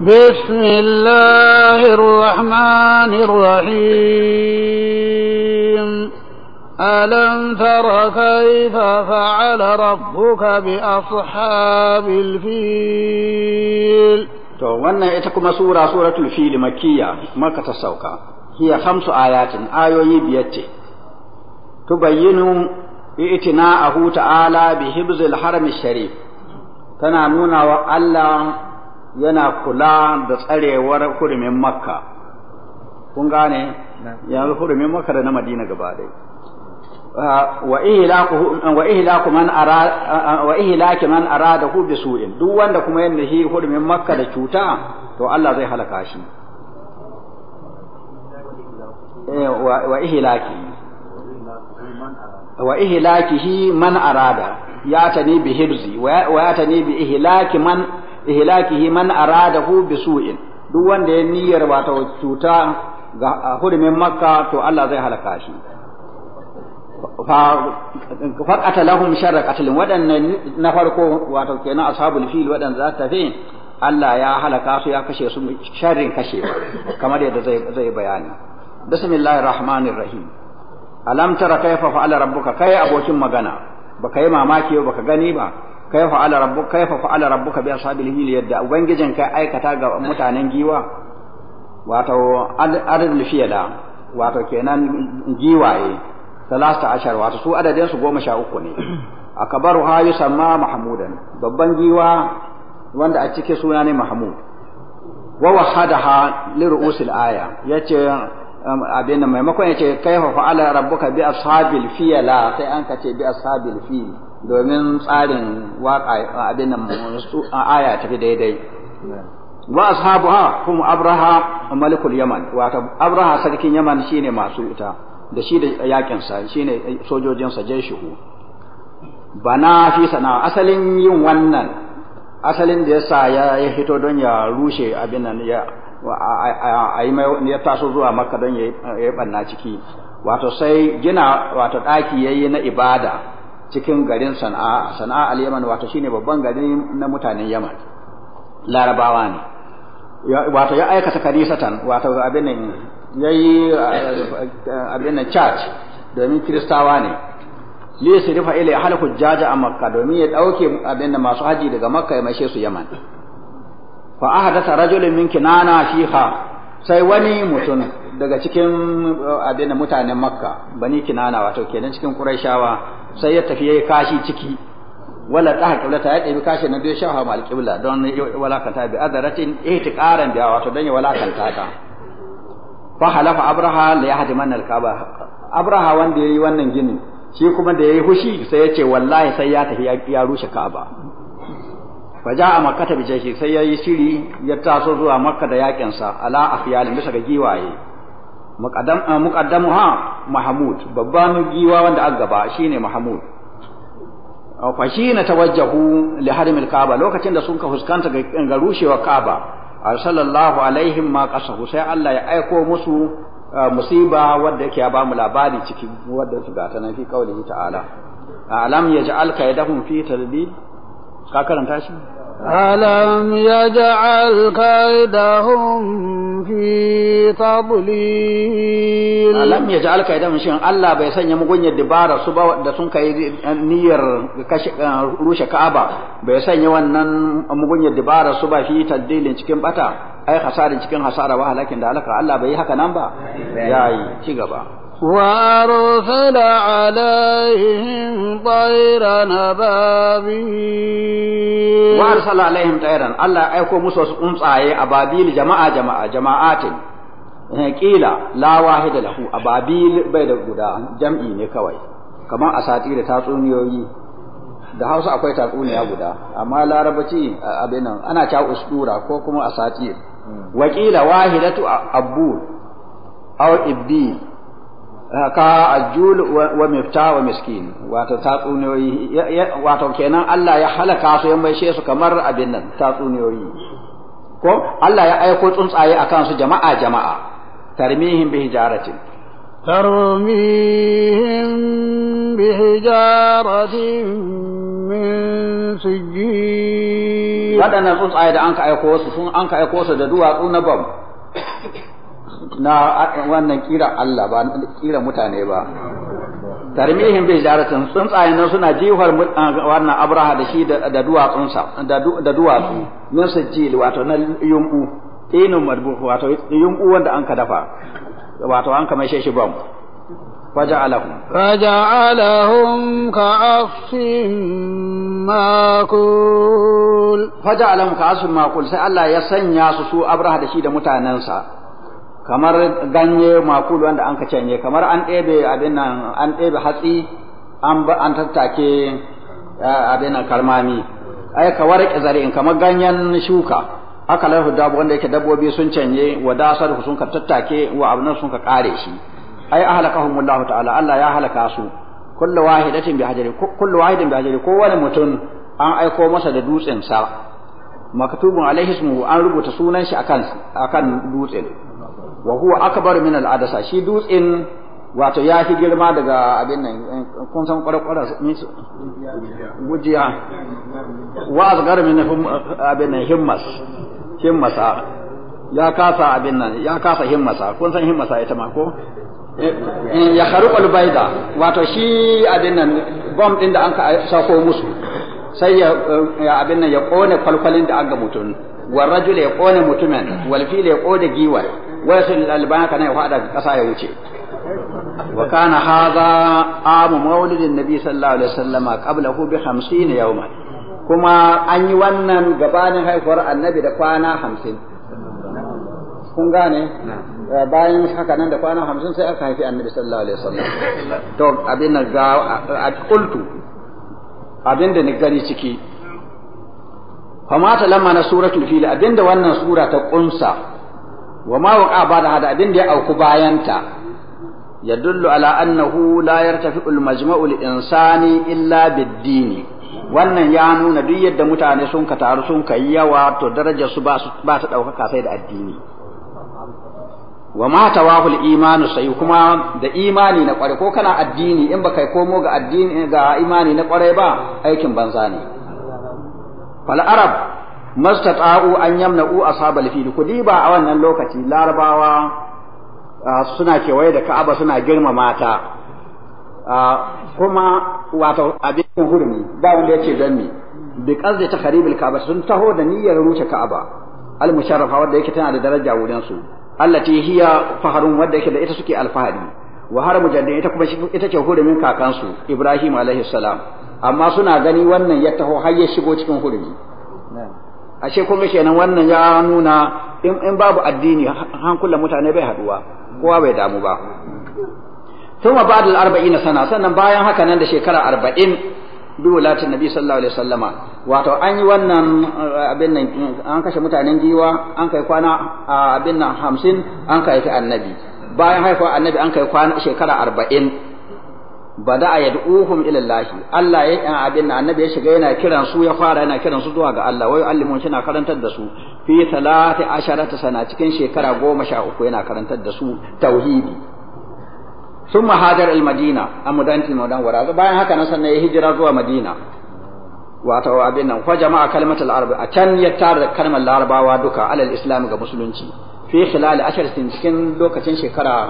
بسم الله الرحمن الرحيم ألم تر كيف فعل ربك بأصحاب الفيل تو وانا اتكما سورة سورة الفيل مكية مكة السوكة هي خمس آيات آيو يبيت تبين اتناءه تعالى بهبز الحرم الشريف تنامون وألا yana kula da tsarewar hurumin makka kun gane yanzu hurumin makka da na madina gaba dai ah, wa ihilaki man ara da hu bi su'in duk wanda kuma yanda shi hurumin makka da cuta to Allah zai halaka shi eh, wa ihilaki. wa ihlakihi man arada ya tani bi hirzi. wa ya tani bi ihlaki man ihlakihi man aradahu bi su'in duk wanda ya niyyar wato cuta ga hurumin makka to Allah zai halaka shi fa qatalahum sharra qatlin wadannan na farko wato kenan ashabul fil wadannan za ta fi Allah ya halaka su ya kashe su sharrin kashe kamar yadda zai zai bayani bismillahir rahmanir rahim alam tara kayfa fa'ala rabbuka kai abokin magana baka yi mamaki ba baka gani ba kaifa ala rabbuka kai fa'ala rabbuka bi ashabil fil yadda ubangijin ka aikata ga mutanen giwa wato adadul fiyala wato kenan giwaye talata ashar wato su adadin su goma sha uku ne akabaru ha yusamma mahmudan babban giwa wanda a cike suna ne mahmud wa wahadaha li ru'usil aya yace abin nan maimakon yace kaifa fa'ala rabbuka bi ashabil fiyala sai an kace bi ashabil fil domin tsarin waƙa abin nan aya tafi daidai wa ha kuma abraha malikul yaman wato abraha sarkin yaman shine masu ita da shi da yakin sa shine sojojinsa sa jeshihu bana fi sana asalin yin wannan asalin da yasa ya hito don ya rushe abin nan ya a yi mai ya taso zuwa makka don ya yi ciki wato sai gina wato ɗaki yayi na ibada cikin garin sana'a sana'a al-yaman wato shine babban gari na mutanen yaman larabawa ne wato ya aikata kanisatan wato abin nan yayi eh, abin nan church domin kristawa ne li sirifa ila halakul jaja a makka domin ya dauke abin nan masu haji daga makka ya mashe su yaman fa ahadatha rajulun min kinana shiha sai wani mutum daga cikin eh, abin mutanen makka bani kinana wato kenan cikin quraishawa sai ya tafi yayi kashi ciki wala ta qiblata ya ɗebi kashi na bai shafa mal kibla don wala kanta bi adaratin ihtiqaran biya wato don ya wala kanta fa halafa abraha la yahdiman alkaba abraha wanda yayi wannan gini shi kuma da yayi hushi sai ya ce wallahi sai ya tafi ya rushe ka'aba fa ja'a makkata bi jayshi sai yayi shiri ya taso zuwa makka da yakin sa ala afyal bisa ga giwaye Eh, muqaddamuha mahmud babban giwa wanda aka gaba shine mahmud fa na tawajjahu li harimil kaaba lokacin da sun ka fuskanta ga rushewar kaaba sallallahu alaihim ma qasahu sai Allah ya aiko musu eh, musiba wadda yake ya bamu labari ciki wadda su gata nan fi kaulihi ta'ala alam yaj'al kaidahum fi tadlil ka karanta shi ألم يجعل كيدهم في تضليل ألم يجعل كيدهم في تضليل الله بيسان يمغن يدبار سبا دسون كي نير روش كعبة بيسن يوانن مغن يدبار سبا في تدليل cikin بطا أي خسار cikin خسار wa halakin da halaka Allah bai haka nan ba yayi ci وأرسل عليهم طيرا أبابيل وأرسل عليهم طيرا الله أيكو موسى أمصاي أبابيل جماعة جماعة جماعات قيل لا واحد له أبابيل بيد غدا جمعي نكوي كما أساتير asati da da Hausa akwai tatsuniya guda amma Larabaci abin ana cewa ustura ko kuma asatir wakila wahidatu abbu aw ibdi ka ajul wa mifta wa miskin wato tatsuniyoyi wato kenan Allah ya halaka su ya maishe su kamar abin nan tatsuniyoyi ko Allah ya aiko tsuntsaye akan su jama'a jama'a tarmihim bi hijaratin tarmihim bi hijaratin min sijji wadannan tsuntsaye da an ka aiko su sun an ka aiko su da duwatsu na bam na wannan kira Allah ba na kira mutane ba tarmihin bi jaratin tsuntsayen nan suna jihar wannan abraha da shi da duwatsunsa da duwatsu min sijil wato na yunku inu madbu wato yunku wanda an ka dafa wato an kama shi bam faja'alahum faja'alahum ka'asfin makul faja'alahum ka'asfin makul sai Allah ya sanya su su abraha da shi da mutanansa kamar ganye makulu wanda an ka canye kamar an ɗebe an ɗebe hatsi an an tattake abin nan karmami ai ka warke zari'in kamar ganyen shuka aka lahu dabu wanda yake dabbobi sun canye wa dasar sun ka tattake wa abin sun ka kare shi ai ahlakahum Allah ta'ala Allah ya halaka su kullu wahidatin bi hajari kullu wahidin bi hajari kowane mutum an aiko masa da dutsen sa maktubun alaihi ismuhu an rubuta sunan shi akan akan dutsen wa huwa akbar min al adasa shi dutsin wato ya fi girma daga abin nan kun san kwarakwarar gujiya wa asgar min abin nan himmas himmasa ya kasa abin nan ya kasa himmasa kun san himmasa ita ma ko eh, ya al baida wato shi abin nan bomb din da an ka sako musu sai ya abin nan ya kone kwalkwalin da an ga mutum wa rajul ya kone mutumin wal fil ya kone giwar wai sun lalban ka ne faɗa ƙasa ya wuce wa kana haza amu maulidin nabi sallallahu alaihi wasallama qablahu bi 50 yawman kuma an yi wannan gabanin haihuwar annabi da kwana 50 kun gane eh, bayan haka nan da kwana 50 sai aka haifi annabi sallallahu alaihi wasallam to abin nan ga a qultu abin da ni gani ciki famata lamma na suratul fil abinda wannan sura ta kunsa wa ma waqa ba da hada abin da ya auku bayanta yadullu ala annahu la yartafi'u al-majma'u insani illa biddini wannan ya nuna duk yadda mutane sun ka taru sun kai yawa to darajar su ba su ɗaukaka sai da addini wa ma tawahul imanu sai kuma da imani na kware ko kana addini in ba kai komo ga addini ga imani na kware ba aikin banza ne fal arab mastata'u an yamna'u asabal fil kuɗi ba a wannan lokaci larabawa suna kewaye da ka'aba suna girmama ta kuma wato abin hurmi ba wanda yake dan me bi qazdi takharibil ka'aba sun taho da niyyar rushe ka'aba al musharrafa wanda yake tana da daraja wurin su allati hiya faharun wanda yake da ita suke alfahari wa har mujaddin ita kuma ita ce hurumin kakansu ibrahim alaihi salam amma suna gani wannan ya taho har ya shigo cikin hurumi ashe kuma kenan wannan ya nuna in babu addini hankulan mutane bai haduwa kowa bai damu ba thumma ba'da al-arba'in sana sannan bayan haka nan da shekara arba'in latin nabi sallallahu alaihi wasallama wato an yi wannan uh, abin nan an kashe mutanen giwa an kai kwana uh, abin nan hamsin an kai ta annabi bayan haifa annabi an kai kwana shekara arba'in Ba bada yad'uhum ila ilallahi. Allah ya yi abin annabi ya shiga yana kiran su ya fara yana kiran su zuwa ga Allah wai allimun shi na karantar da su fi salati asharata sana cikin shekara goma sha uku yana karantar da su tauhidi summa hajar al madina amudanti mudan wara bayan haka nan sannan ya hijira zuwa madina wato abin nan fa jama'a kalmatul arab a can ya tara da kalmar larabawa duka alal islam ga musulunci fi khilal ashar cikin lokacin shekara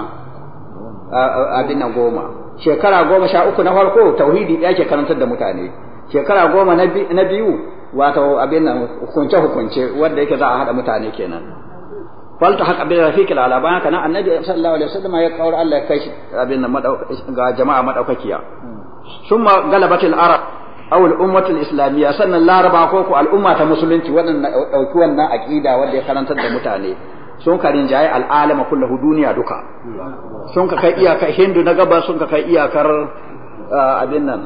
abin nan goma shekara goma sha uku na farko tauhidi ɗaya ke karantar da mutane shekara goma na biyu wato abin nan hukunce hukunce wanda yake za a haɗa mutane kenan falta haka bin rafiq ala bayan kana annabi sallallahu alaihi wasallam ya kawar Allah ya kai shi abin nan ga jama'a madaukakiya summa galabatil arab aw al ummat al islamiyya sannan laraba ko ko al umma ta musulunci wannan dauki wannan aqida wanda ya karantar da mutane sun ka rinjaye al'alama kullahu duniya duka sun ka kai iyakar hindu na gaba sun ka kai iyakar uh, abin nan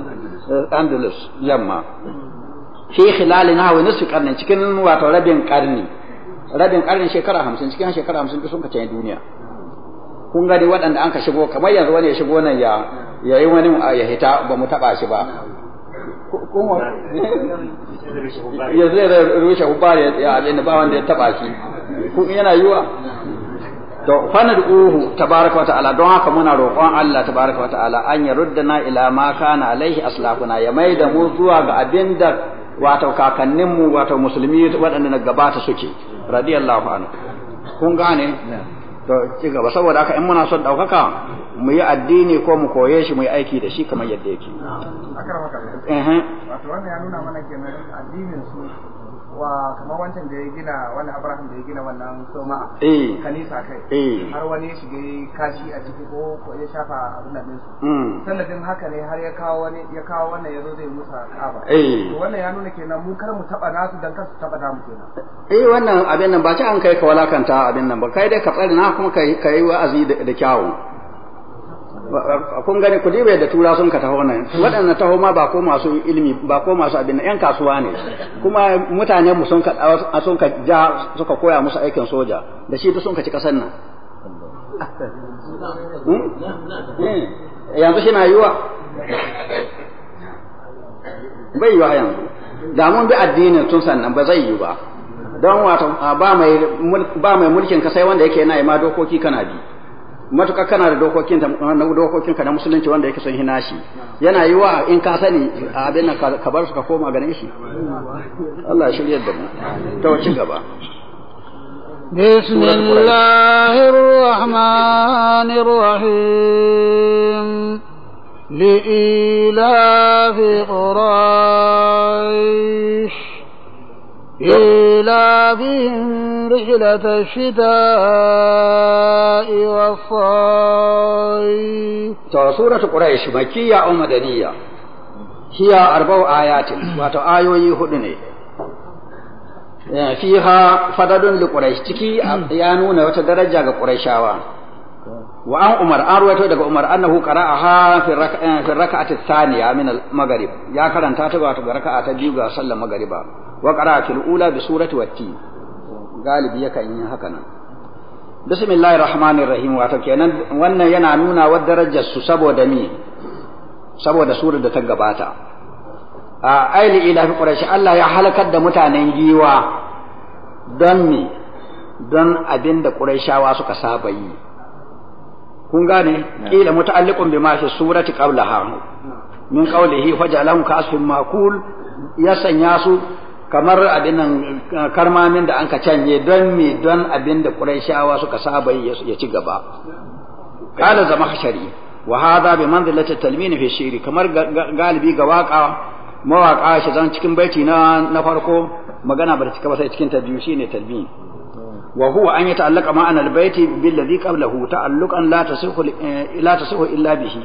uh, andalus yamma fi khilali na hawa nisu karnin cikin wato rabin karni rabin karni shekara hamsin cikin shekara hamsin sun ka canyi duniya kun gani waɗanda an ka shigo kamar yanzu wani ya shigo nan ya ya yi wani uh, ya hita ba mu taɓa shi ba yanzu ya rushe hubbar ya abin ba wanda ya taɓa shi Kuɗi yana yiwa to uhu, tabaraka wa ta'ala don haka muna roƙon Allah tabaraka wa ta'ala an ya ruddana ila ma kana alaihi aslafuna ya da mu zuwa ga abinda wato mu wato musulmi waɗanda na gabata suke radiyallahu anhu kun gane to ci gaba saboda haka in muna son ɗaukaka mu yi addini ko mu koye shi mu yi aiki da shi kamar yadda yake. Akar wato wannan ya nuna mana kenan addinin su wa kamar wancan da ya gina wannan abraham da ya gina wannan soma eh. kanisa kai eh. har wani ya shiga kashi a ciki ko ya shafa abin da su hmm. sanadin haka ne har ya kawo wani ya kawo wannan yazo zai musa kaba eh. to wannan ya nuna kenan mu kar mu taba nasu dan kar su taba damu kenan eh wannan abin nan ba ci an kai ka walakanta abin nan ba kai dai ka tsare na kuma kai kai wa'azi da kyawu kun gani ku dibe da tura sun ka taho nan waɗannan taho ma ba ko masu ilimi ba ko masu abin yan kasuwa ne kuma mutane mu sun ka sun ka ja suka koya musu aikin soja da shi sun ka ci kasar nan hmm? eh, yanzu shi na yiwa bai yiwa yanzu da mun bi addinin tun sannan ba zai yi ba don wato ba mai mulkin ka sai wanda yake yana ma dokoki kana bi matuƙa kana da dokokin na dokokin ka na musulunci wanda yake son hina shi yana yi wa in ka sani abin nan ka bar su ka koma ganin shi Allah ya shirya da mu ta wace gaba بسم الله الرحمن الرحيم لإيلاف قريش إيلافهم رحلة الشتاء والصيف سورة قريش مكية أو مدنية هي أربع آيات واتو آيوي هدني فيها فضل لقريش تكي يانون وتدرجة لقريشاوان wa an umar an ruwaito daga umar annahu qara'aha fi eh, fi rak'ati thaniya min al-maghrib ya karanta ta wato ga raka'a ta biyu ga sallar maghriba wa qara'a fil ula bi surati watti galibi yakan yi haka nan bismillahir rahmanir rahim wato kenan wannan yana nuna wa darajar su saboda ni saboda surar da ta gabata a aili ila fi quraish Allah ya halakar da mutanen giwa don me don abinda qurayshawa suka saba yi kun gane kila muta'alliqun bima fi surati qablaha min qawlihi ka asfin ma'kul ya sanya su kamar abin nan karmamin da anka canye don me don abinda da quraishawa suka saba ya ci gaba zama hashari wa hadha bi manzilati talmin fi shi'ri kamar galibi ga waka mawaka shi zan cikin baiti na na farko magana ba ta cika ba sai cikin ta biyu shine talmin wa huwa an yata'allaqa ma'an albayti bil ladhi qablahu ta'allukan la tasihhu eh, la illa bihi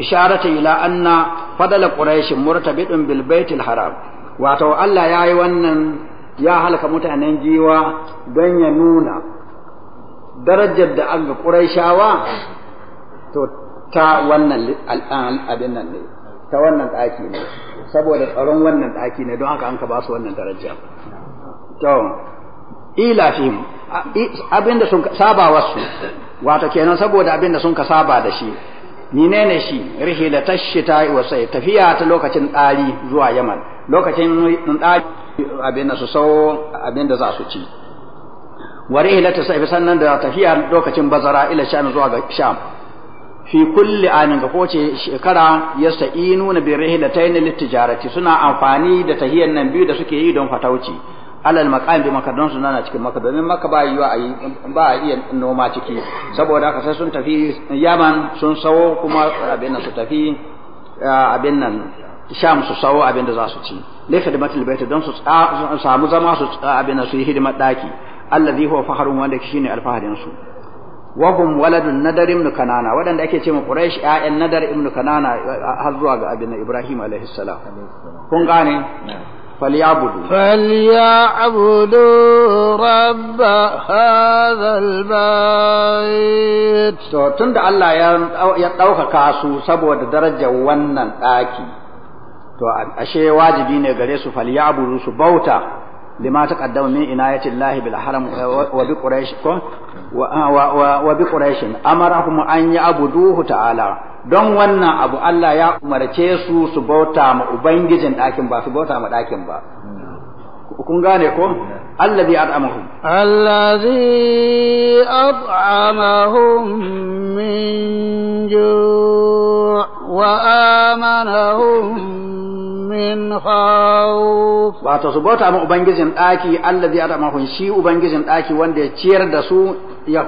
isharata ila anna fadala quraish murtabitun bil baytil haram wato Allah yayi wannan ya halaka mutanen jiwa don ya nuna darajar da an ga quraishawa to ta wannan abin nan ne ta wannan ɗaki ne saboda tsaron wannan ɗaki ne don haka an ka ba su wannan daraja to ila fi abinda sun saba wasu wato kenan saboda abinda sun ka saba da shi ne shi rihi da tashita wa sai tafiya ta lokacin dari zuwa yaman lokacin dari abinda su sau abinda za su ci wa rihi ta sai sannan da tafiya lokacin bazara ila sham zuwa ga sham fi kulli anin ga koce shekara yasta'inu na bi rihi da tayin litijarati suna amfani da tahiyan nan biyu da suke yi don fatauci alal maqam bi maka don suna cikin maka domin maka ba yiwa a yi ba a iya noma ciki saboda haka sai sun tafi yaman sun sawo kuma abin nan su tafi abin nan sham su sawo abin da za su ci li khidmatil bait don su samu zama su abin nan su yi hidimar daki allazi huwa faharun wanda shine alfaharin su wa hum waladun nadar ibn kanana wadanda ake ce ma quraish ya'yan nadar ibn kanana har zuwa ga abin ibrahim alaihi salam kun gane فليعبدوا فليعبدوا رب هذا البيت to tunda Allah ya ya daukaka su saboda darajar wannan ɗaki, to ashe wajibi ne gare falya falyabudu su bauta lima تقدم من min الله بالحرم وبقريش haram أمرهم أن يعبدوه ko wa ta'ala don wannan abu Allah ya umarce su su bauta ma ubangijin ɗakin ba su bauta ma ɗakin ba kun gane ko at'amahum zai at'amahum min ju' وآمنهم wato su bauta ma ubangijin daki allazi hun shi ubangijin daki wanda ya ciyar da su ya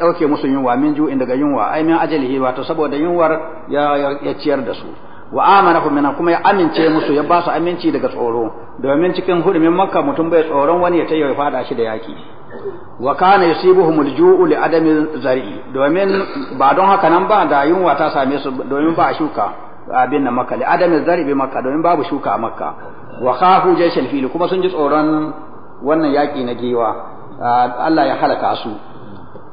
dauke musu yunwa min ju'in daga yunwa ai min ajalihi wato saboda yunwar ya ciyar da su wa amanahum kuma ya amince musu ya ba su aminci daga tsoro domin cikin hudumin makka mutum bai tsoron wani ya tayyau ya fada shi da yaki wa kana yusibuhum al-ju'u li adami domin ba don haka nan ba da yunwa ta same su domin ba a shuka abin na makka li zar'i zari'i makka domin babu shuka a makka wa khafu jayshal kuma sun ji tsoron wannan yaki na giwa Allah ya halaka su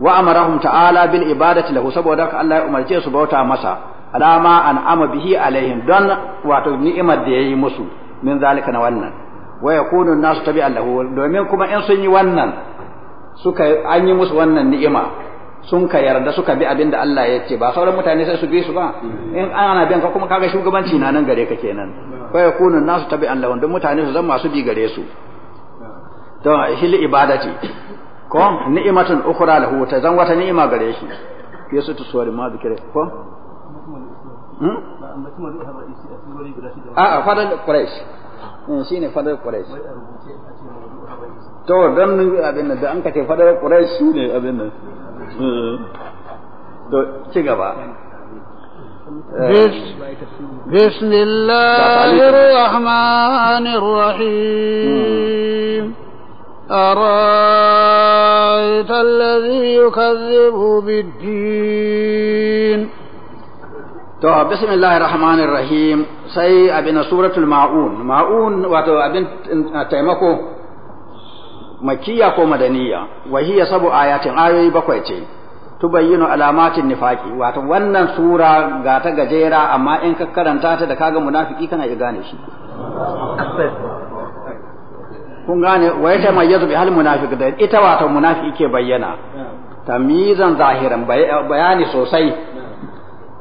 wa amarahum ta'ala bil ibadati lahu saboda haka Allah ya umarce su bauta masa alama an ama bihi alaihim don wato ni'imar da yayi musu min zalika na wannan wa yakunu an-nasu tabi'an lahu domin kuma in sun yi wannan suka an yi musu wannan ni'ima sun ka yarda suka bi abin da Allah ya ce ba sauran mutane sai su bi su ba in ana bin ka kuma kaga shugabanci na nan gare ka kenan fa yakunu nasu tabi'an Allah duk mutane su zama su bi gare su to li ibadati ko ni'matun ukhra lahu ta zan wata ni'ima gare shi yesu to suwari ma bi ko a a fadal quraish Mm, shi ne fadar Quraysh to don abin nan da an fadar shi ne abin nan mm. to ci gaba بسم الله الرحمن الرحيم أرأيت الذي يكذب بالدين to bismillahir rahmanir rahim sai abin suratul maun maun wato abin taimako makiyya ko madaniya wa hiya sabu ayatin ayoyi bakwai ce tubayyinu alamatin nifaki wato wannan sura ga ta gajera amma in ka karanta ta da kaga munafiki kana iya gane shi kun gane wa ita mai bi hal munafiq da ita wato munafiki ke bayyana tamizan zahiran bayani sosai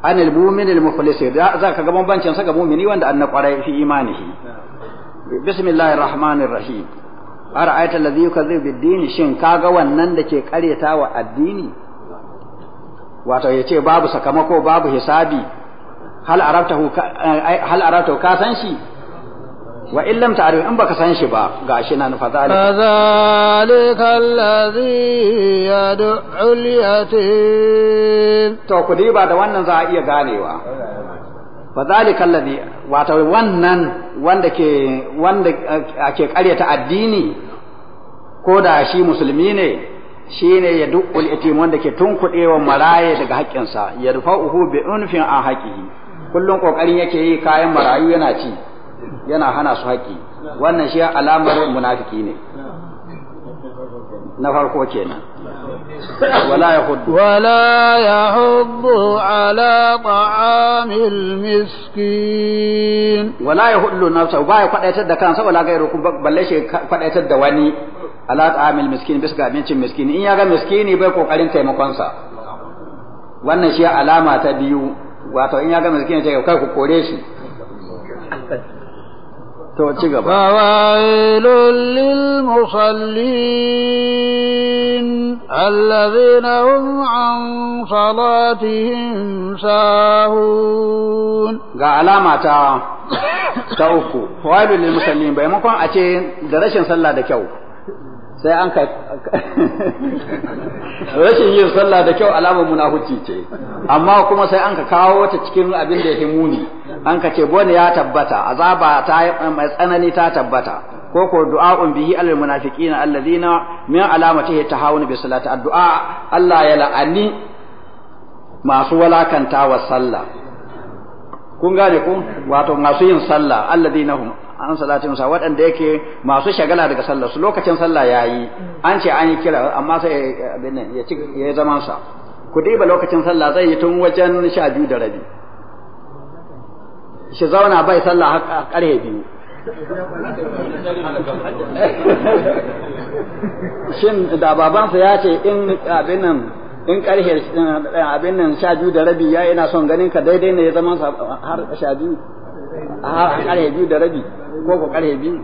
an al-mu'min al za ka ga bambancin sa ga mu'mini wanda ana na kwarai fi imanihi bismillahir rahmanir rahim ara'aita allazi yukazzibu bid-din shin kaga wannan da ke kareta wa addini wato yace babu sakamako babu hisabi hal arabtahu hal arabtahu ka san shi wa in ta'rif in baka san shi ba gashi nan fa zalika zalika allazi yad'u al-yatim to ku ba da wannan za a iya ganewa fa zalika allazi wato wannan wanda ke wanda eh, ake addini ko da shi musulmi ne ne ya dukul yatim wanda ke tunkudewa maraye daga haƙƙinsa ya rufa'uhu bi unfin an haƙihi kullum kokarin yake yi kayan marayu yana ci yana hana su haƙi wannan shi alamar munafiki ne na farko kenan wala ya hudu wala ya hudu ala ta'amil miskin wala ya hudu nafsa ba ya kwadaitar da kansa wala gairu balle shi kwadaitar da wani ala ta'amil miskin bisa ga abincin miskin in ya ga miskini bai kokarin taimakonsa wannan shi alama ta biyu wato in ya ga miskini sai kai ku kore shi to ci gaba fawailul lil musallin alladhina hum an ga alama ta ta uku fawailul lil musallin bai makon a ce da rashin sallah da kyau sai an ka rashin yin sallah da kyau alamar munafuci ce amma kuma sai an ka kawo wata cikin abin da yake muni an ka ce bone ya tabbata azaba ta mai tsanani ta tabbata ko ko du'a'un bihi alal munafiqina alladhina min alamati tahawun bi salati addu'a Allah ya la'ani masu walakanta wa sallah kun gane ku wato masu yin sallah alladhina hum an salati musa waɗanda yake masu shagala daga sallar su lokacin sallah yayi an ce an yi kira amma sai ya ci ya zaman sa ku diba lokacin sallah zai yi tun wajen sha biyu da rabi shi zauna bai sallah har karhe biyu shin da babansa ya ce in abin nan in karhe abin nan sha biyu da rabi ya ina son ganin ka daidai ne ya zama har sha biyu a ƙarfe biyu da rabi ko ko ƙarfe biyu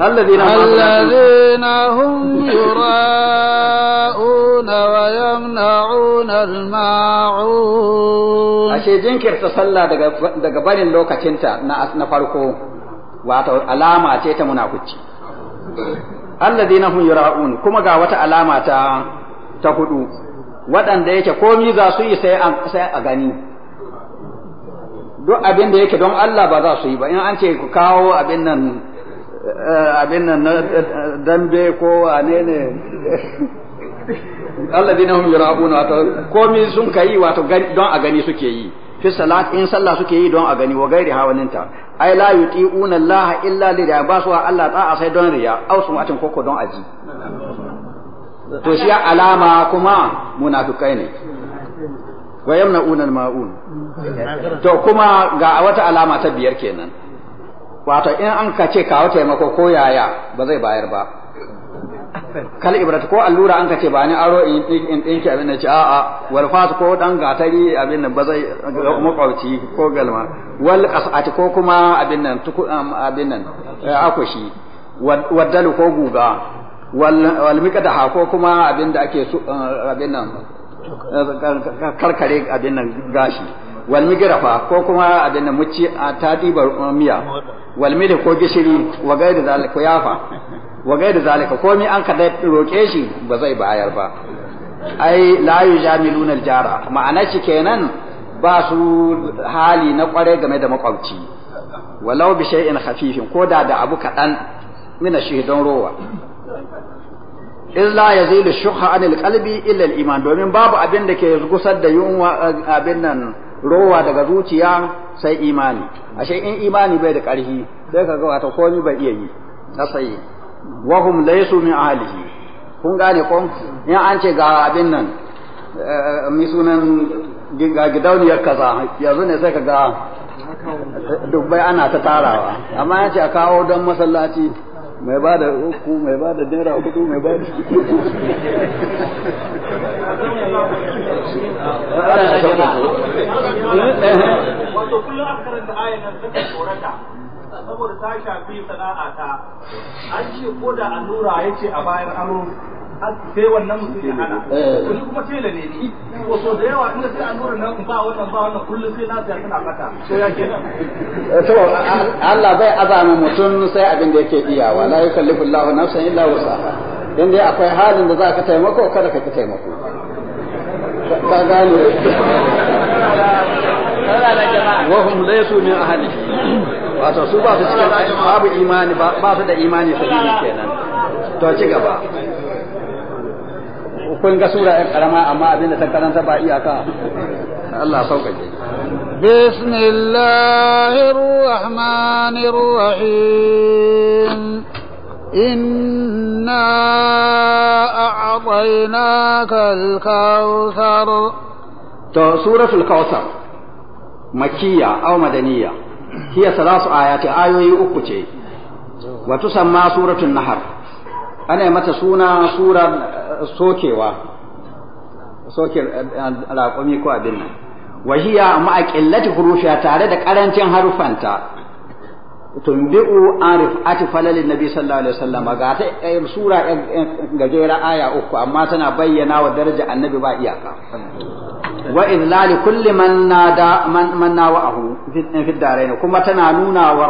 الذين الذين هم يراءون ويمنعون الماعون ashe jinkirta sallah daga daga lokacinta na farko wato alama ce ta munafici alladhina hum yura'un kuma ga wata alama ta ta hudu waɗanda yake komi za su yi sai a gani duk abin da yake don Allah ba za su yi ba in an ce ku kawo abin nan eh, abin nan na dambe ko wane ne Allah dina hum yura'una wato komai sun kai wato don a gani suke yi fi salat in sallah suke yi don a gani wa gairi hawaninta ai la yuti'una Allah illa li da ba su Allah ta'a sai don riya au su atin koko don aji to shi alama kuma munafikai ne wa yamna al-ma'un to kuma ga wata alama ta biyar kenan wato in an ka ce kawo taimako ko yaya ba zai bayar ba kal ibrat ko allura an ka ce ba ni aro in ki abin da ce a a wal fas ko dan gatari abin nan ba zai makwabci ko galma wal qas'ati ko kuma abin nan tuku abin nan eh, akushi waddalu ko guga wal miqadaha ko kuma abin da ake eh, abin nan karkare abin nan gashi walmi girafa ko kuma abin nan muci tadi bar uh, miya walmi da ko gishiri wa gairi zalika yafa wa gairi zalika mi an ka roke shi ba zai bayar ba ai la yujamiluna jara ma'ana shi kenan ba su hali na kware game da makwabci walau bi shay'in khafifin ko da da abu kadan mina shi don rowa Illa ya zai da shuha anil kalbi illal iman domin babu abin da ke gusar da yunwa abin nan rowa daga zuciya sai imani ashe in imani bai da ƙarfi sai ka ga wata komai bai iya yi na sai wa hum laysu min ahlihi kun gane ko in an ce ga abin nan eh, mi sunan ga gidauniyar kaza yanzu ne sai ka ga dubbai ana ta tarawa amma ya ce a kawo don masallaci mai ba da uku mai ba da dera hudu mai ba da wato kullum nan saboda ta shafi sana'a ta an ce ko da allura a bayan aro sai wannan mutum ya hana to eh. shi kuma tela ne ni ko so da yawa inda sai an nan ba wannan ba wannan kullum sai na ta tana mata to ya ke eh, to Allah bai azama mutum sai abin da yake iyawa la yukallifu Allahu nafsan illa wusaha in dai akwai halin da za ka taimako kada ka ki taimako ka gane wahum laysu min ahli wato su ba su cikin babu imani ba su da imani sahihi kenan to ci gaba kun ga sura ya karama amma abin da ta karanta ba iyaka Allah sauƙaƙe bismillahir rahmanir rahim inna a'tainaka al-kautsar to suratul kautsar makkiya aw madaniya hiya salasu ayati ayoyi uku ce wa tusamma suratul nahar ana mata suna surar sokewa soke eh, raƙumi ko abin nan wahiya amma a ƙillati hurufiya tare da ƙarancin harufanta tunbi'u an rif'ati falalin nabi sallallahu alaihi wasallam ga ta eh, sura eh, gajera aya uku amma tana bayyana wa daraja annabi ba iyaka wa idlali kulli man nada man nawa'ahu fi kuma tana nuna wa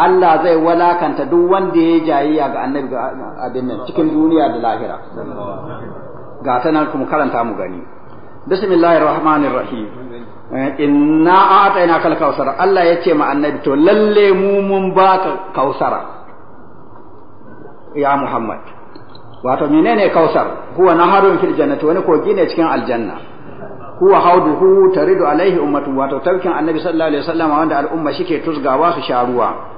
Allah zai walakanta duk wanda ya jayayya ga annabi ga abin nan cikin duniya da lahira ga ta kuma karanta mu gani bismillahir rahmanir rahim eh, inna ataina kal kausar Allah ya ce ma annabi to lalle mu mun ka kausara ya Muhammad wato menene kausar huwa naharun fil jannati wani kogi ne cikin aljanna huwa hauduhu taridu alaihi ummatu wato tawkin annabi sallallahu alaihi wasallam wanda al'umma shike tusgawa su sha ruwa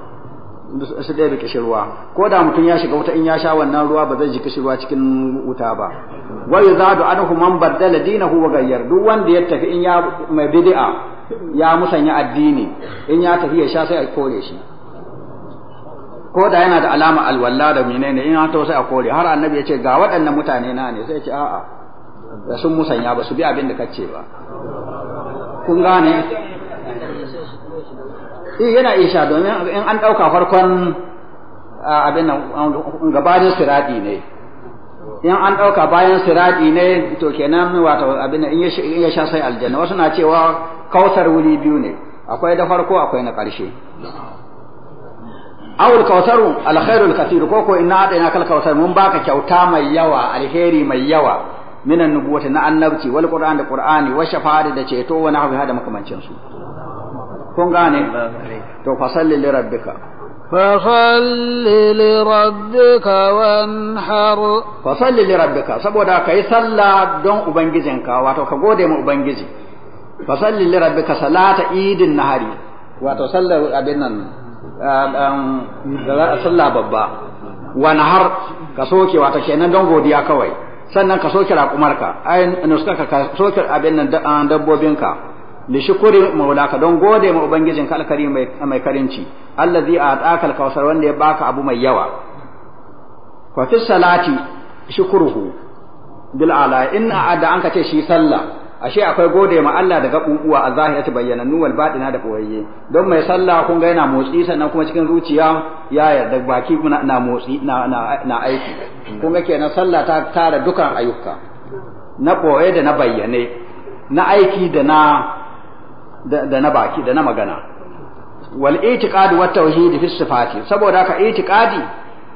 su ɗaya kishirwa ko da mutum ya shiga wuta in ya sha wannan ruwa ba zai ji kishirwa cikin wuta ba wa yuzadu anhu man baddala dinahu wa gayyar duk wanda ya tafi in ya mai bidi'a ya musanya addini in ya tafi ya sha sai a kore shi ko da yana da alama alwala da menene in ya sai a kore har annabi ya ce ga waɗannan mutane na ne sai ya ce a'a sun musanya ba su bi abin da kace ba kun gane eh yana iya sha domin in an ɗauka farkon abin nan gabanin siradi ne in an ɗauka bayan siradi ne to kenan wato abin in ya sha sai aljanna wasu na cewa kautar wuri biyu ne akwai da farko akwai na ƙarshe awul kautaru alkhairul kathir ko ko inna ina kal kautar mun baka kyauta mai yawa alheri mai yawa minan nubuwati na annabci wal qur'an da qur'ani wa shafa'a da ceto wa nahwi hada makamancin su kun gane to fasalli li rabbika fasalli li rabbika wanhar fasalli li rabbika saboda kai sallah don ubangijinka wato ka gode ma ubangiji fasalli li rabbika salata idin nahari wato sallar abin nan sallah babba wanhar ka soke wato kenan don godiya kawai sannan ka soke raƙumarka ai nuska ka soke abin nan dabbobinka li shukuri maulaka don gode ma ubangijin kalkari mai karinci allazi a atakal kawsar wanda ya baka abu mai yawa wa fi salati shukuruhu bil ala in a'ada an kace shi sallah ashe akwai gode ma Allah daga kukuwa a bayyana bayyanannu wal badina da koyayye don mai sallah kun ga yana motsi sannan kuma cikin zuciya ya yarda baki na motsi na na aiki kuma kenan sallah ta tara dukan ayyuka na koye da na bayyane na aiki da na da na baki da na magana wal itiqad wa tauhid fi sifati saboda ka itiqadi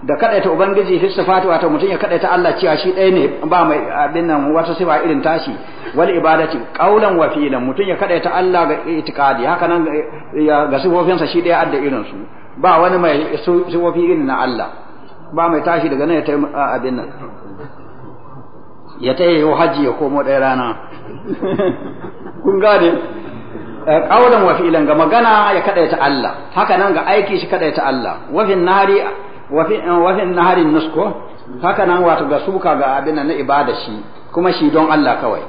da kadaita ubangiji fi sifati wato mutum ya kadaita Allah cewa shi dai ne ba mai abin nan wata sifa irin tashi wal ibadati qaulan wa fi'lan mutum ya kadaita Allah ga itiqadi haka nan ga sifofinsa shi ɗaya adda irin su ba wani mai sifofi irin na Allah ba mai tashi daga nan ya tai abin nan ya yau haji ya komo ɗaya rana kun gane Eh, qawlan wa fi'lan ga magana ya kadaita Allah haka nan ga aiki shi kadaita Allah wa fi nahari wa fi eh, wa fi nahari nusko haka nan wato ga suka ga abin na ibada shi kuma shi don Allah kawai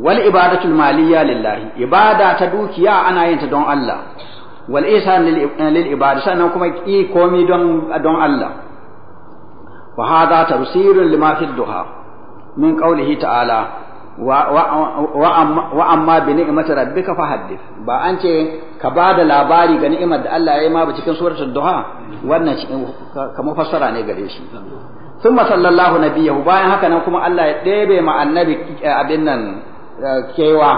wal ibadatul maliyya lillahi ibada ta dukiya ana yin ta don Allah wal ihsan lil eh, ibada sannan kuma ki komi don don Allah wa ta tafsirun lima fi duha min qawlihi ta'ala wa amma bi ni'mati rabbika fahaddith ba an ce ka ba da labari ga ni'imar da Allah ya yi ma ba cikin suratul duha wannan ka mufassara ne gare shi sun sallallahu nabiyahu bayan haka nan kuma Allah ya ɗebe ma annabi eh, abin nan eh, kewa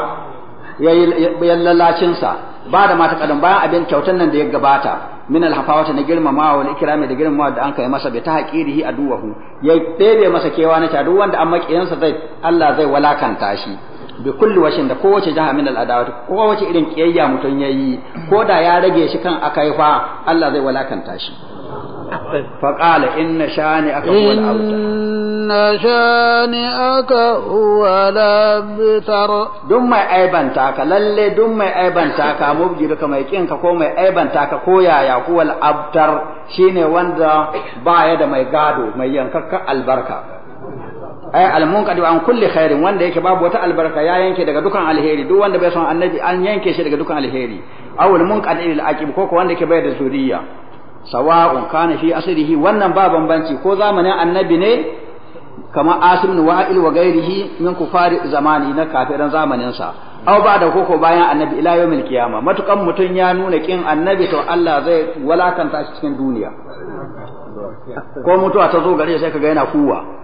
ya lallacinsa ba da mata kadan bayan abin kyautan nan da ya gabata min alhafawata na girmamawa wal ikrami da girmamawa da an kai masa bi a aduwahu ya ɗebe masa kewa na duk wanda an makiyansa zai Allah zai walakanta shi bi kulli washin da kowace jaha min al adawati kowace irin kiyayya mutun yayi ko da ya rage shi kan akai fa Allah zai walakanta shi fa qala inna shani aka huwa al inna shani aka huwa labtar Dun mai aibanta ka lalle dun mai aibanta ka mubjiru ka mai kinka ko mai aibanta ka ko yaya huwa al abtar shine wanda baya da mai gado mai yankakka albarka ay al munqadi an kulli khairin wanda yake babu wata albarka ya yanke daga dukan alheri duk wanda bai son annabi an yanke shi daga dukan alheri aw al lil aqib ko ko wanda yake bai da zuriya sawa'un kana fi asrihi wannan ba bambanci ko zamanin annabi ne kamar asim wa wa'il wa min kufari zamani na kafiran zamanin sa aw ba da koko bayan annabi ila yawmil qiyama matukan mutun ya nuna kin annabi to Allah zai walakanta shi cikin duniya ko mutuwa ta zo gare sai kaga yana kuwa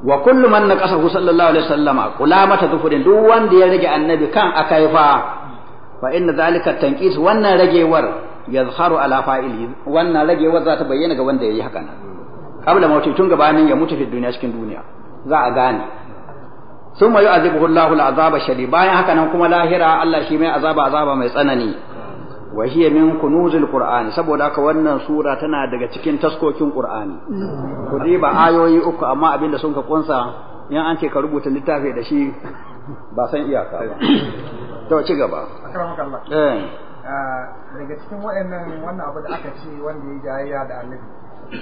wa kullu man naqasahu sallallahu alaihi wasallama mata zufurin duk wanda ya rage annabi kan akaifa fa inna zalika tanqis wannan ragewar yazharu ala fa'ili wannan ragewar za ta bayyana ga wanda yayi haka nan Kabla mauti tun gabanin ya mutu fi duniya cikin duniya za a gane summa yu'adhibuhu Allahu al'azaba shadid bayan haka nan kuma lahira Allah shi mai azaba azaba mai tsanani wa hiya min kunuzil qur'an saboda haka wannan sura tana daga cikin taskokin qur'ani ku ba ayoyi uku amma abinda sun ka kunsa in an ce ka rubuta littafi da shi ba san iyaka ba to ci gaba eh. ah, daga cikin waɗannan wannan abu da aka ce wanda ya jayayya da annabi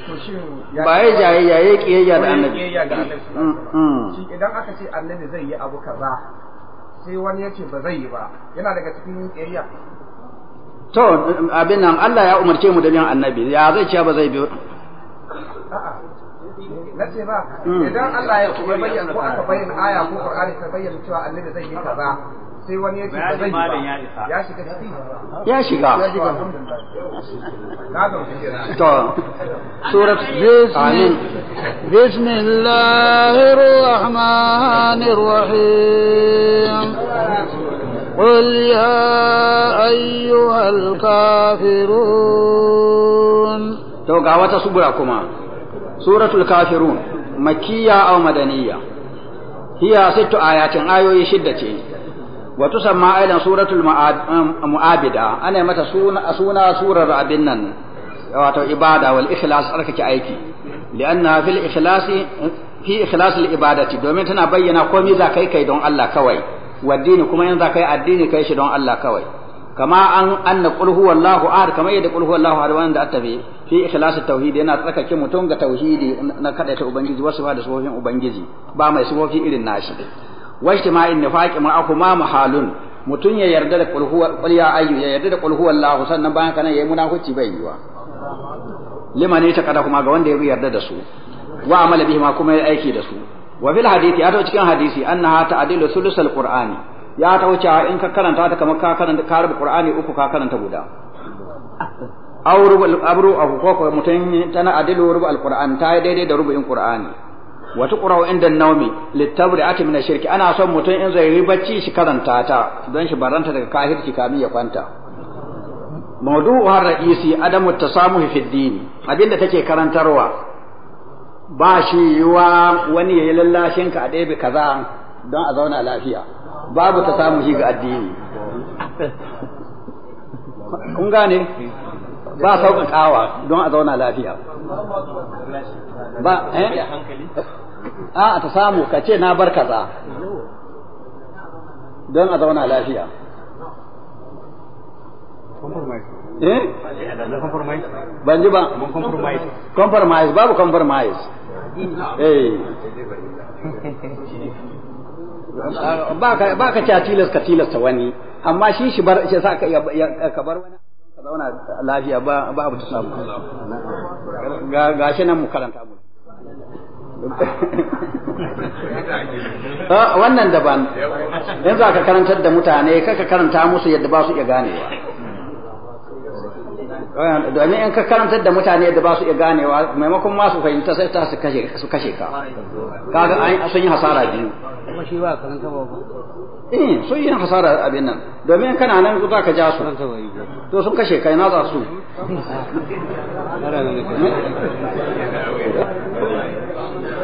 to shin ba ya jayayya ya kiyayya da annabi mm, mm. shi idan aka ce annabi zai yi abu kaza sai wani ya ce ba zai yi ba yana daga cikin kiyayya to abin nan Allah ya umarce mu da bin annabi ya zai ce ba zai biyo na ce ba idan Allah ya kuma bayyana ko aka bayyana aya ko Qur'ani ta bayyana cewa annabi zai yi kaza sai wani ya ce ba zai ya shiga ciki ya shiga to surat bismin bismillahir rahmanir rahim قل يا أيها الكافرون توقع وتصبركما سورة الكافرون مكية أو مدنية هي ست آيات آية شدة وتسمى أيضا سورة المعابدة أنا متى سونا سورة أبنن wato ibada wal ikhlas tsarkake aiki li'anna fil ikhlasi fi ikhlas al ibadati domin tana bayyana komai za kai kai don Allah kawai waddini kuma yanzu kai addini kai shi don Allah kawai kama an anna qul huwallahu ahad kama yadda qul huwallahu ahad wanda attabi fi ikhlasu tauhid yana tsakake mutum ga tauhidi na kada ta ubangiji wasu ba da sufofin ubangiji ba mai sufofi irin nashi wajtima'in nifaqi akuma mahalun mutum ya yarda da qul huwa qul ya ayyu ya yarda da qul huwallahu sannan bayan kana yayi munafici bai yiwa limane ta kada kuma ga wanda ya yarda da su wa amala ma kuma ya aiki da su wa fil hadisi ya ta cikin hadisi annaha ta'dilu sulusul qur'ani ya ta wuce in ka karanta ta kamar ka karanta ka qur'ani uku ka karanta guda aw rubu abru aw ko ko mutun tana adilu rubu qur'an ta daidai da in qur'ani wa tuqra'u inda an-nawmi litabri'ati min ash-shirk ana son mutum in zai yi bacci shi karanta ta don shi baranta daga kafirci kamin ya kwanta mawdu'u har ra'isi adamu ta samu ad-din abinda take karantarwa ba shi yiwa wani ya yi lallashin ka a ɗebe kaza don a zauna lafiya babu ta samu shi ga addini kun gane ba sauƙaƙawa don a zauna lafiya ba eh a ta samu ka ce na bar kaza don a zauna lafiya eh ban ji ba compromise babu compromise eh ba ka cewa tilas ka tilasta wani amma shi shi bar shi sa ka bar wani ka zauna lafiya ba ba abu ta samu ga ga shi nan mu karanta mu ah, wannan daban yanzu aka karantar da mutane kaka karanta musu yadda ba su iya ganewa domin in ka karantar da mutane da ba su iya ganewa maimakon ma su fahimta sai ta su kashe ka kaga an sun yi hasara biyu kuma shi ba karanta ba eh sun yi hasara abin nan domin kana nan ku za ka ja su to sun kashe kai na za su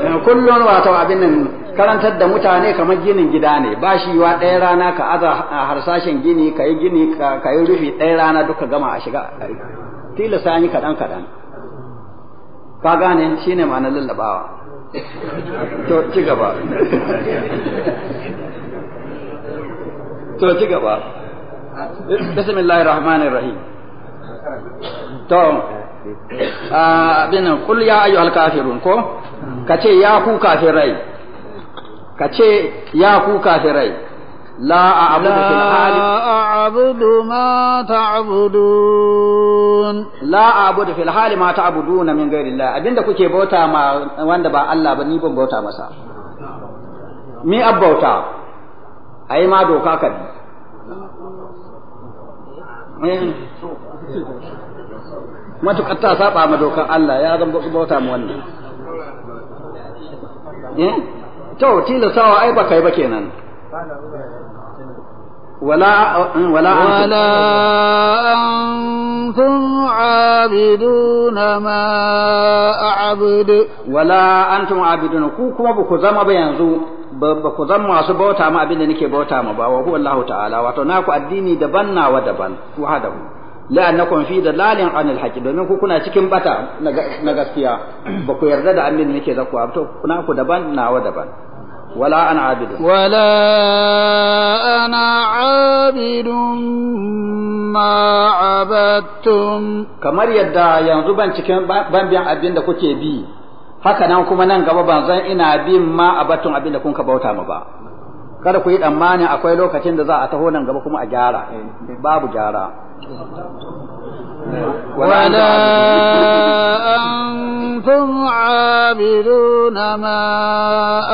eh, kullun wato abin nan karantar da mutane kamar ginin gida ne ba shi yiwa ɗaya rana ka aza harsashen gini ka yi gini ka yi rufi ɗaya rana duka gama a shiga tilasta an yi kaɗan kaɗan ka gane shi ne ma'anar lallabawa to ci gaba to ci gaba bismillahir rahim to abin kul ya ayyuhal kafirun ko kace ya ku kafirai ka ce ya ku kafirai la a'budu fil hali a'budu ma ta'budun la a'budu fil hali ma ta'buduna min ghairillah abinda kuke bauta ma wanda ba Allah ba ni ban bauta masa mi abbauta ai ma doka ka bi eh. matuƙar ta saba ma dokar Allah ya zan bauta mu wannan eh? to tilasawa ai ba kai ba kenan ولا ولا ولا أنتم عابدون ما أعبد ولا أنتم عابدون كوكما بكزما بينزو بكزما masu bauta ma abinda nake bauta ma ba wa huwa ta'ala wato naku addini daban nawa daban wahadahu la'annakum fi dalalin anil haqqi domin ku kuna cikin bata na gaskiya ba ku yarda da annin nake zakwa to kuna ku daban nawa daban wala ana abidun wala ana abidun ma abattum kamar yadda yanzu ban cikin ban biyan abin da kuke bi haka nan kuma nan gaba ban zan ina bin ma abattum abin da kun ka bauta ma ba kada ku yi tsammanin akwai lokacin da za a taho nan gaba kuma a gyara babu gyara ولا أنتم عابدون ما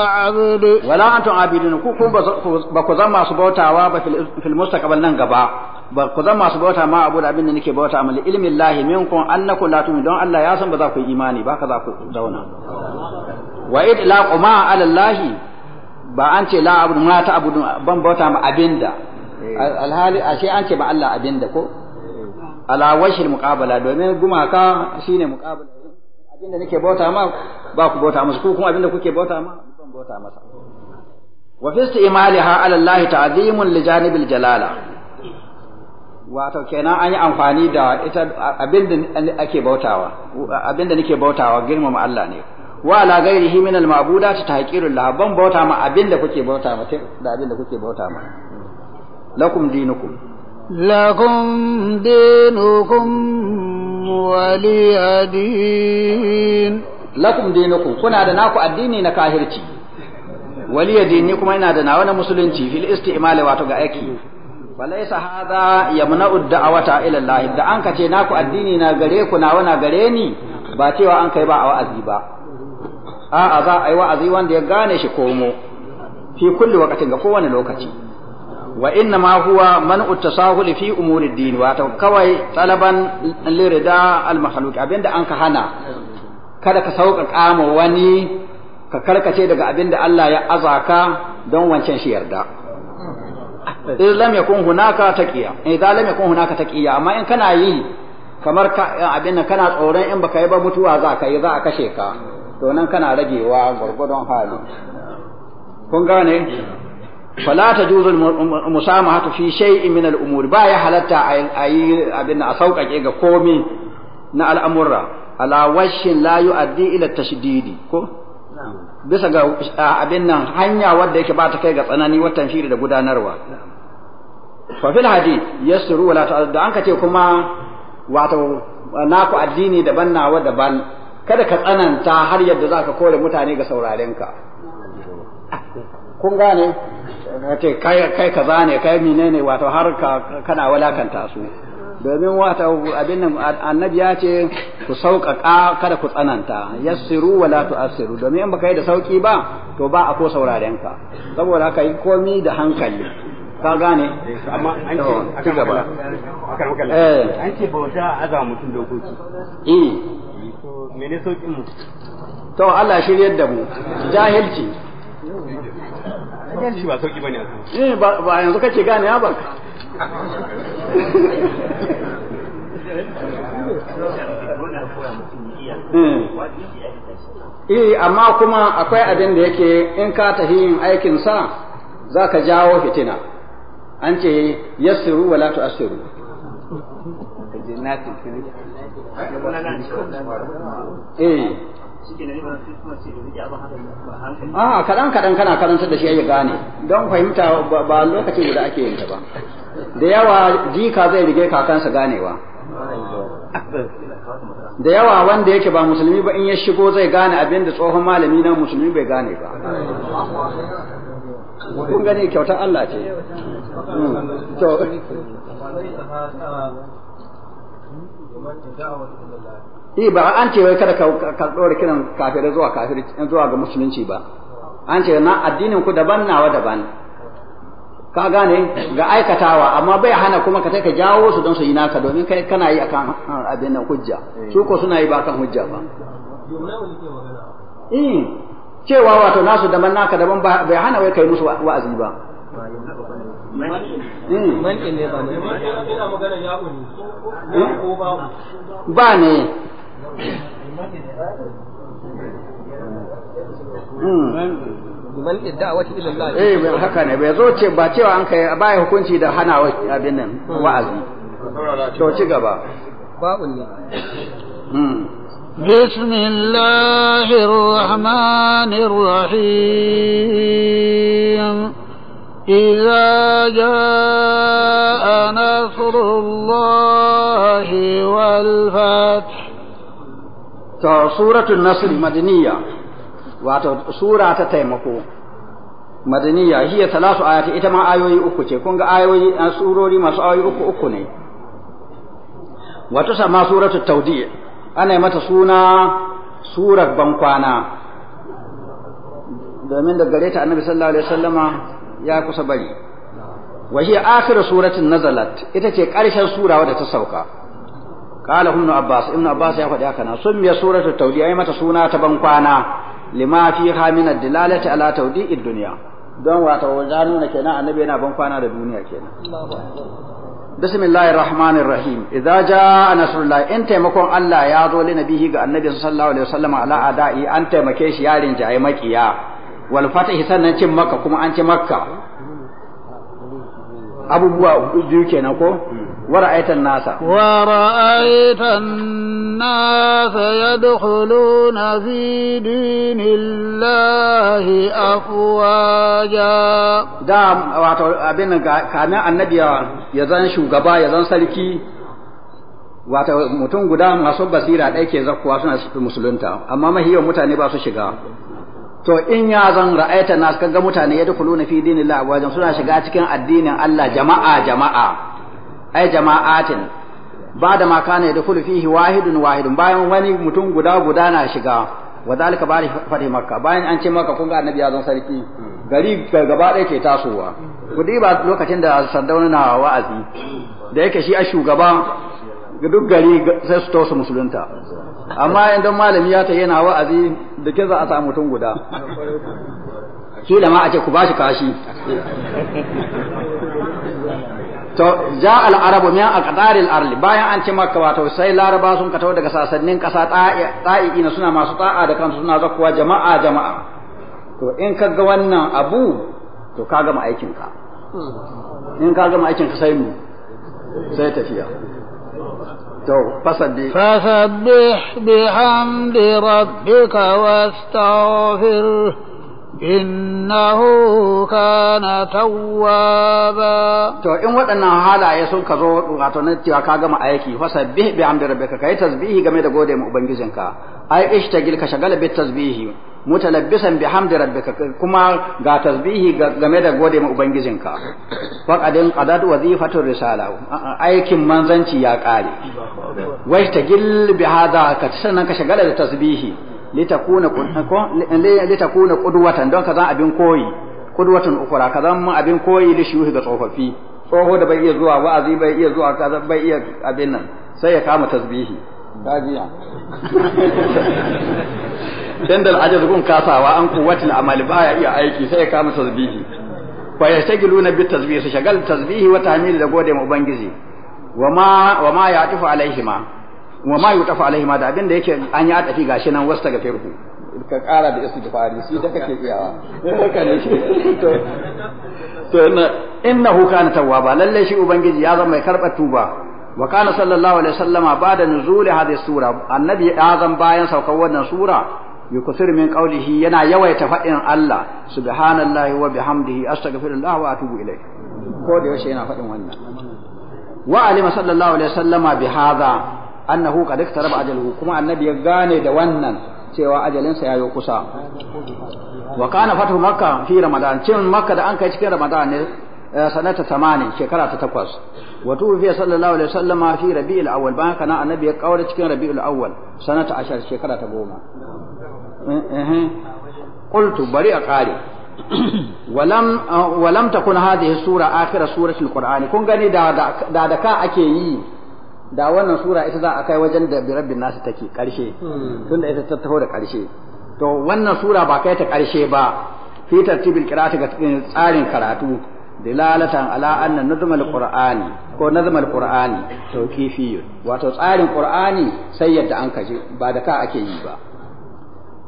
أعبد ولا أنتم عابدون كوكم بكوزان ما سبوتا وابا في المستقبل ننقبا بكوزان ما سبوتا ما أبود أبن نكي بوتا من علم الله منكم أنكم لا تؤمنون الله ياسم بذاكو إيماني باكذا كوزونا وإطلاق ما على الله ba an ce la abu ma ta abudu ban bauta ma abinda alhali ashe an ce ba Allah abinda ko ala washil muqabala domin gumaka shine muqabala abinda nake bauta ma ba ku bauta musu ku kuma abinda kuke bauta ma ban bauta masa wa fi istimaliha ala Allah ta'zimun li janibil jalala wato kenan an yi amfani da ita abinda ake bautawa abinda nake bautawa girmama Allah ne wa ala ghairihi min al ma'budat tahqirul lah ban bauta ma abinda kuke bauta ma da abinda kuke bauta ma lakum dinukum lakum dinukum waliyadin lakum dinukum kuna da naku addini na kahirci waliyadin ni kuma ina da nawa na musulunci fil isti'mal wato ga aiki falaisa hadha yamna'u da'awata ila Allah da an kace naku addini na gare ku nawa na gare ni ba cewa an kai ba a wa'azi ba a'a za a yi wa'azi wanda ya gane shi komo fi kulli waqtin ga kowane lokaci wa inna ma huwa man'u tasahul fi umuri din ta kawai talaban lirida al makhluq abinda an ka hana kada ka sauka kama wani ka karkace daga abinda Allah ya azaka don wancan shi yarda idan lam yakun hunaka taqiya idan lam yakun hunaka taqiya amma in kana yi kamar abin kana tsoron in baka yi ba mutuwa za ka yi za a kashe ka to nan kana ragewa gwargwadon hali kun gane fala ta juzul musamahatu fi shay'in min al-umur ba ya halatta ayi abin a sauƙaƙe ga komi na al'amurra ala washin la yu'addi ila tashdidi ko bisa ga abin nan hanya wadda yake ba ta kai ga tsanani watan shiri da gudanarwa fa fil hadith yasru wala ta'addu an ka ce kuma wato naku addini daban nawa daban kada ka tsananta har yadda za ka kore mutane ga saurarenka. kun gane ce kai kaza ne kai ne wato har kana walakanta su domin wata abin nan annabi ya ce ku sauƙaƙa kada ku tsananta yassiru wala tu'assiru domin in baka yi da sauƙi ba to ba a ko sauraren ka saboda haka yi komi da hankali ka gane amma an ce akan gaba eh. an ce bauta azawa mutum dokoki eh mene saukin mu to Allah shiryar da mu jahilci jahilci ba sauki bane eh ba ba yanzu kake gane ya ba hmm. Eh amma kuma akwai abin da yake in ka tafi yin aikin sa za ka jawo fitina an ce yassiru wala tu'assiru eh ah, ah, kadan kaɗan kaɗan kana karanta da shi ya gane don fahimta ba lokacin da ake yin ta ba da yawa jika zai rige kakansa ganewa da yawa wanda yake ba musulmi ba in ya shigo zai gane abin da tsohon malami na musulmi bai gane ba kun gane kyautar Allah ce hmm. Eh ba an ce wai kada ka ɗora kiran kafirai zuwa kafirci zuwa ga musulunci ba. An ce na addinin ku daban nawa daban. Ka gane ga aikatawa amma bai hana kuma ka sai ka jawo su don su yi naka domin kai kana yi akan abin nan hujja. Su ko suna yi ba kan hujja ba. Eh cewa wato nasu daban naka daban bai hana wai kai musu wa'azi ba. Hmm. ne ba ne eh? ba hmm. Hmm. da eh haka zo ce ba cewa an kai hukunci da hana abin nan wa'azi to ci gaba بسم الله الرحمن الرحيم إذا جاء نصر الله والفتح تو سورة النصر مدنية سورة تتيمكو مدنية هي ثلاث آيات إتما آيوي أكو تكون آيوي سوروري ما سآيوي أكو أكو ني وتسمى سورة التوديع أنا متى سونا سورة بنقوانا domin da gare صلى الله عليه وسلم ya kusa bari wa hiya akhir suratin nazalat ita ce karshen sura wadda ta sauka qala ibn abbas ibn abbas ya faɗi haka na summiya suratul tawdi ai mata suna ta ban kwana lima fiha min ad-dilalati ala tawdi'id dunya don wato wanda nuna kenan annabi yana ban kwana da duniya kenan بسم الله الرحمن الرحيم إذا جاء نصر الله أنت مكون الله يا ذو لنبيه النبي صلى الله عليه وسلم على أدائي أنت مكيش يا رنجاي مكيا wal fatahi sannan cin makka kuma an ci makka abubuwa biyu kenan ko ورأيت الناس ورأيت الناس يدخلون في دين الله أفواجا دا واتو أبين ya النبي يزن ya يزن سلكي wato mutum guda masu basira ɗaya ke zakkuwa suna musulunta amma mahiyar mutane ba su shiga to in ya zan ra'aita nas ga mutane ya na fi dinillahi abwajan suna shiga cikin addinin Allah jama'a jama'a ai jama'atin ba da ma kana ya dukulu fihi wahidun wahidun bayan wani mutum guda guda na shiga wa zalika ba fadi makka bayan an ce maka kun ga annabi ya zan sarki gari gaba ɗaya ke tasowa ku ba lokacin da sandauna wa'azi da yake shi a shugaba duk gari sai su tausa musulunta amma idan malami ya ta yana wa'azi da ke za a samu mutum guda da ma a ce ku bashi kashi to ja al arabu min aqdaril arli bayan an ce makka wato sai laraba sun kato daga sasannin kasa ta'i na suna masu ta'a da kansu suna zakkuwa jama'a jama'a to in ka ga wannan abu to ka gama aikin ka in ka gama aikin ka sai mu sai tafiya فسبح فسبح بحمد ربك واستغفره إنه كان توابا to in waɗannan halaye sun ka zo wato na ka gama aiki fasabbih bi hamdi rabbika kai tasbihi game da gode mu ubangijinka ai ishtagil ka shagala bi tasbihi mutalabbisan bihamdi rabbika kuma ga tasbihi game da gode ma ubangijinka faqadin qadad wazifatur risala aikin manzanci ya kare wai tagil bi hada ka sannan ka shagala da tasbihi litakuna litakuna qudwatan don ka zan abin koyi qudwatan ukura ka zan abin koyi da shiyuhi da tsofaffi tsoho da bai iya zuwa wa'azi bai iya zuwa kaza bai iya abin nan sai ya kama tasbihi dajiya inda al'ajar gun kasawa an kuwatil amali ya iya aiki sai ya kama tasbihi fa yashtagiluna bit tasbihi su shagal tasbihi wa tahmid da gode mu ubangiji wa ma wa ma ya'tifu alaihima wa ma yutafu alaihima da abinda yake an yi atafi gashi nan wasta gafirku ka kara da istighfari shi da kake iyawa haka ne shi to inna innahu kana tawwaba lalle shi ubangiji ya zama mai karba tuba wa kana sallallahu alaihi wasallama ba'da nuzuli hadhihi sura annabi azam bayan saukar wannan sura yukusir min qawlihi yana yawaita fadin Allah subhanallahi wa bihamdihi astaghfirullah wa atubu ilayh ko da yaushe yana fadin wannan wa alima sallallahu alaihi wasallama bi hadha annahu qad iktaraba ajaluhu kuma annabi ya gane da wannan cewa ajalinsa ya yi kusa wa kana fatu makka fi ramadan cin makka da an kai cikin ramadan ne eh, sanata tamani shekara ta takwas wa tufi sallallahu alaihi wasallama fi rabi'il awwal ba kana annabi ya kaura cikin rabi'il awwal sanata ashar shekara ta goma قلت bari a ولم ولم تكن هذه hadhihi sura سوره suratul qur'ani kun gani da da da ka ake yi da wannan sura ita za a kai wajen da bi rabbin nasu take karshe tunda ita ta taho da karshe to wannan sura ba kai ta karshe ba fi tartibil qira'ati ga tsarin karatu dilalatan ala anna nazm qur'ani ko qur'ani to tawqifiyun wato tsarin qur'ani sai yadda an kaje ba da ka ake yi ba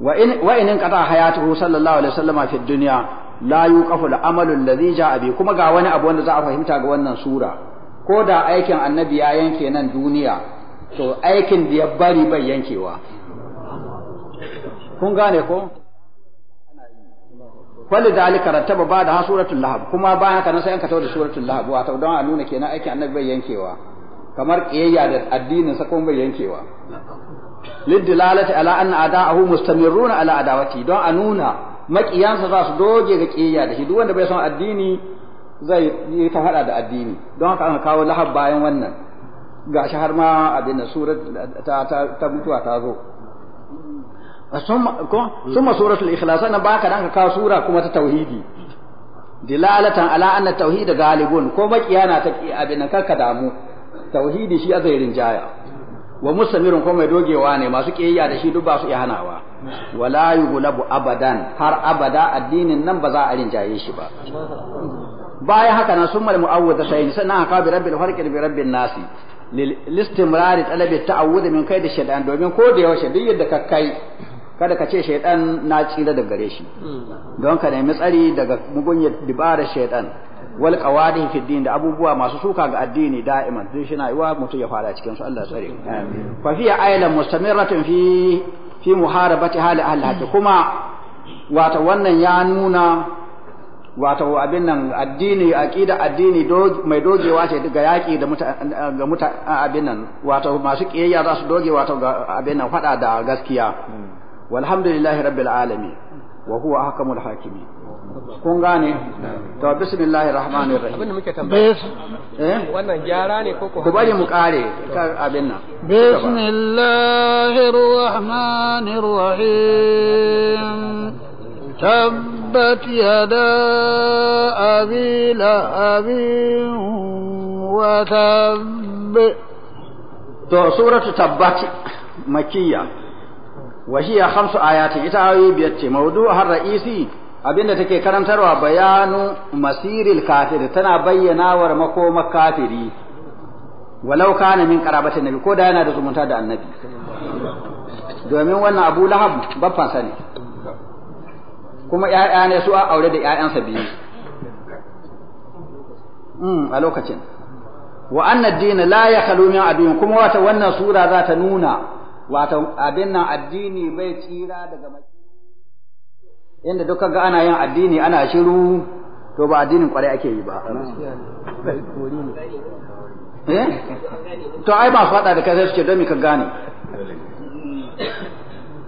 wa in qata hayatu sallallahu alaihi wasallam fi dunya la yuqafu al-amalu alladhi ja'a bi kuma ga wani abu wanda za a fahimta ga wannan sura ko da aikin annabi ya yanke nan duniya to aikin da ya bari bai yankewa kun gane ko da dalika rattaba ba da suratul lahab kuma bayan haka nan sai an kato da suratul lahab wato don a nuna kenan aikin annabi bai yankewa kamar kiyayya da addinin sa kuma bai yankewa lidilalati ala anna ada'ahu mustamirruna ala adawati don a nuna makiyansa za su doge ga kiyaya da shi duk wanda bai san addini zai yi ta hada da addini don haka an kawo lahab bayan wannan gashi har ma abin da surat ta ta mutuwa ta zo summa suratul ikhlas ana baka dan ka kawo sura kuma ta tauhidi dilalatan ala anna tauhid galibun ko makiyana ta abin nan karka damu tauhidi shi azairin rinjaya wa musamirun kuma mai dogewa ne masu kiyayya da shi duk ba su iya hanawa wala yughlabu abadan har abada addinin nan ba za a rinjaye shi ba baya haka nan summal mu'awwidha sayyid sannan haka bi rabbil farqi bi rabbin nasi listimrari talabi ta'awudh min da shaytan domin ko da yaushe duk yadda ka kai kada ka ce shaytan na tsira da gare shi don ka nemi tsari daga mugunyar dibara shaytan wal qawadin fi din da abubuwa masu suka ga addini da'iman duk shi na yiwa mutum ya fara cikin su Allah tsare fa fi aylan mustamirratun fi fi muharabati hali ahli kuma wata wannan ya nuna wata abin nan addini aqida addini mai dogewa ce ga yaki da ga muta abin nan wata masu kiyayya za su doge wata ga abin nan fada da gaskiya hmm. walhamdulillahi rabbil alamin wa huwa ahkamul hakimin kun gane to bismillahir rahmanir rahim abin da muke tambaya eh wannan gyara ne ko ku bari mu kare kan abin nan bismillahir rahmanir rahim tabbat yada abi lahab wa tabb to suratu tabbat makiyya وهي خمس آيات إتعاوي بيت موضوعها الرئيسي abinda take karantarwa bayanu masiril kafir tana bayyana war makoma kafiri walau kana min qarabati nabi ko da yana da zumunta da annabi domin wannan Abu Lahab baffan sa ne kuma ƴaƴa ne su a aure da ƴaƴansa biyu mm a lokacin wa anna ad-din la yakhlu min abin kuma wata wannan sura za ta nuna wato abin nan addini bai tsira daga inda duka ga ana yin addini ana shiru to ba addinin kwarai ake yi ba eh? to ai ba fada da kai sai su ce don mi ka gane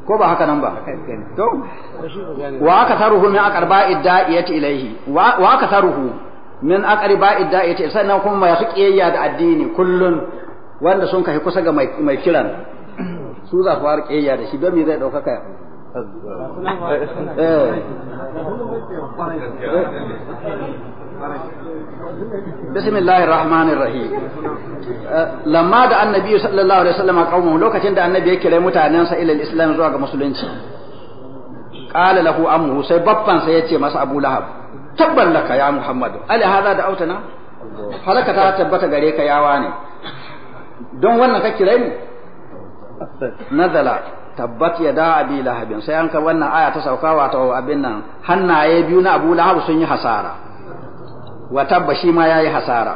ko ba haka nan ba to wa aka taruhu min aqarba idda'iyati ilaihi wa aka taruhu min aqarba idda'iyati sannan kuma mai su kiyayya da addini kullun wanda sun kai kusa ga mai kiran su za su fara kiyayya da shi don me zai dauka بسم الله الرحمن الرحيم لما دعا النبي صلى الله عليه وسلم قومه لوكتين da annabi ya mutanen sa ila islam zuwa ga musulunci qala lahu amru sai babban sa yace masa abu lahab tabbar laka ya muhammad ali hada da autana halaka ta tabbata gare ka yawa ne don wannan ka kira mu nazala tabbat ya da abi lahabin sai an ka wannan aya ta saukawa ta abin nan hannaye biyu na abu lahab sun yi hasara wa tabba shi ma yayi hasara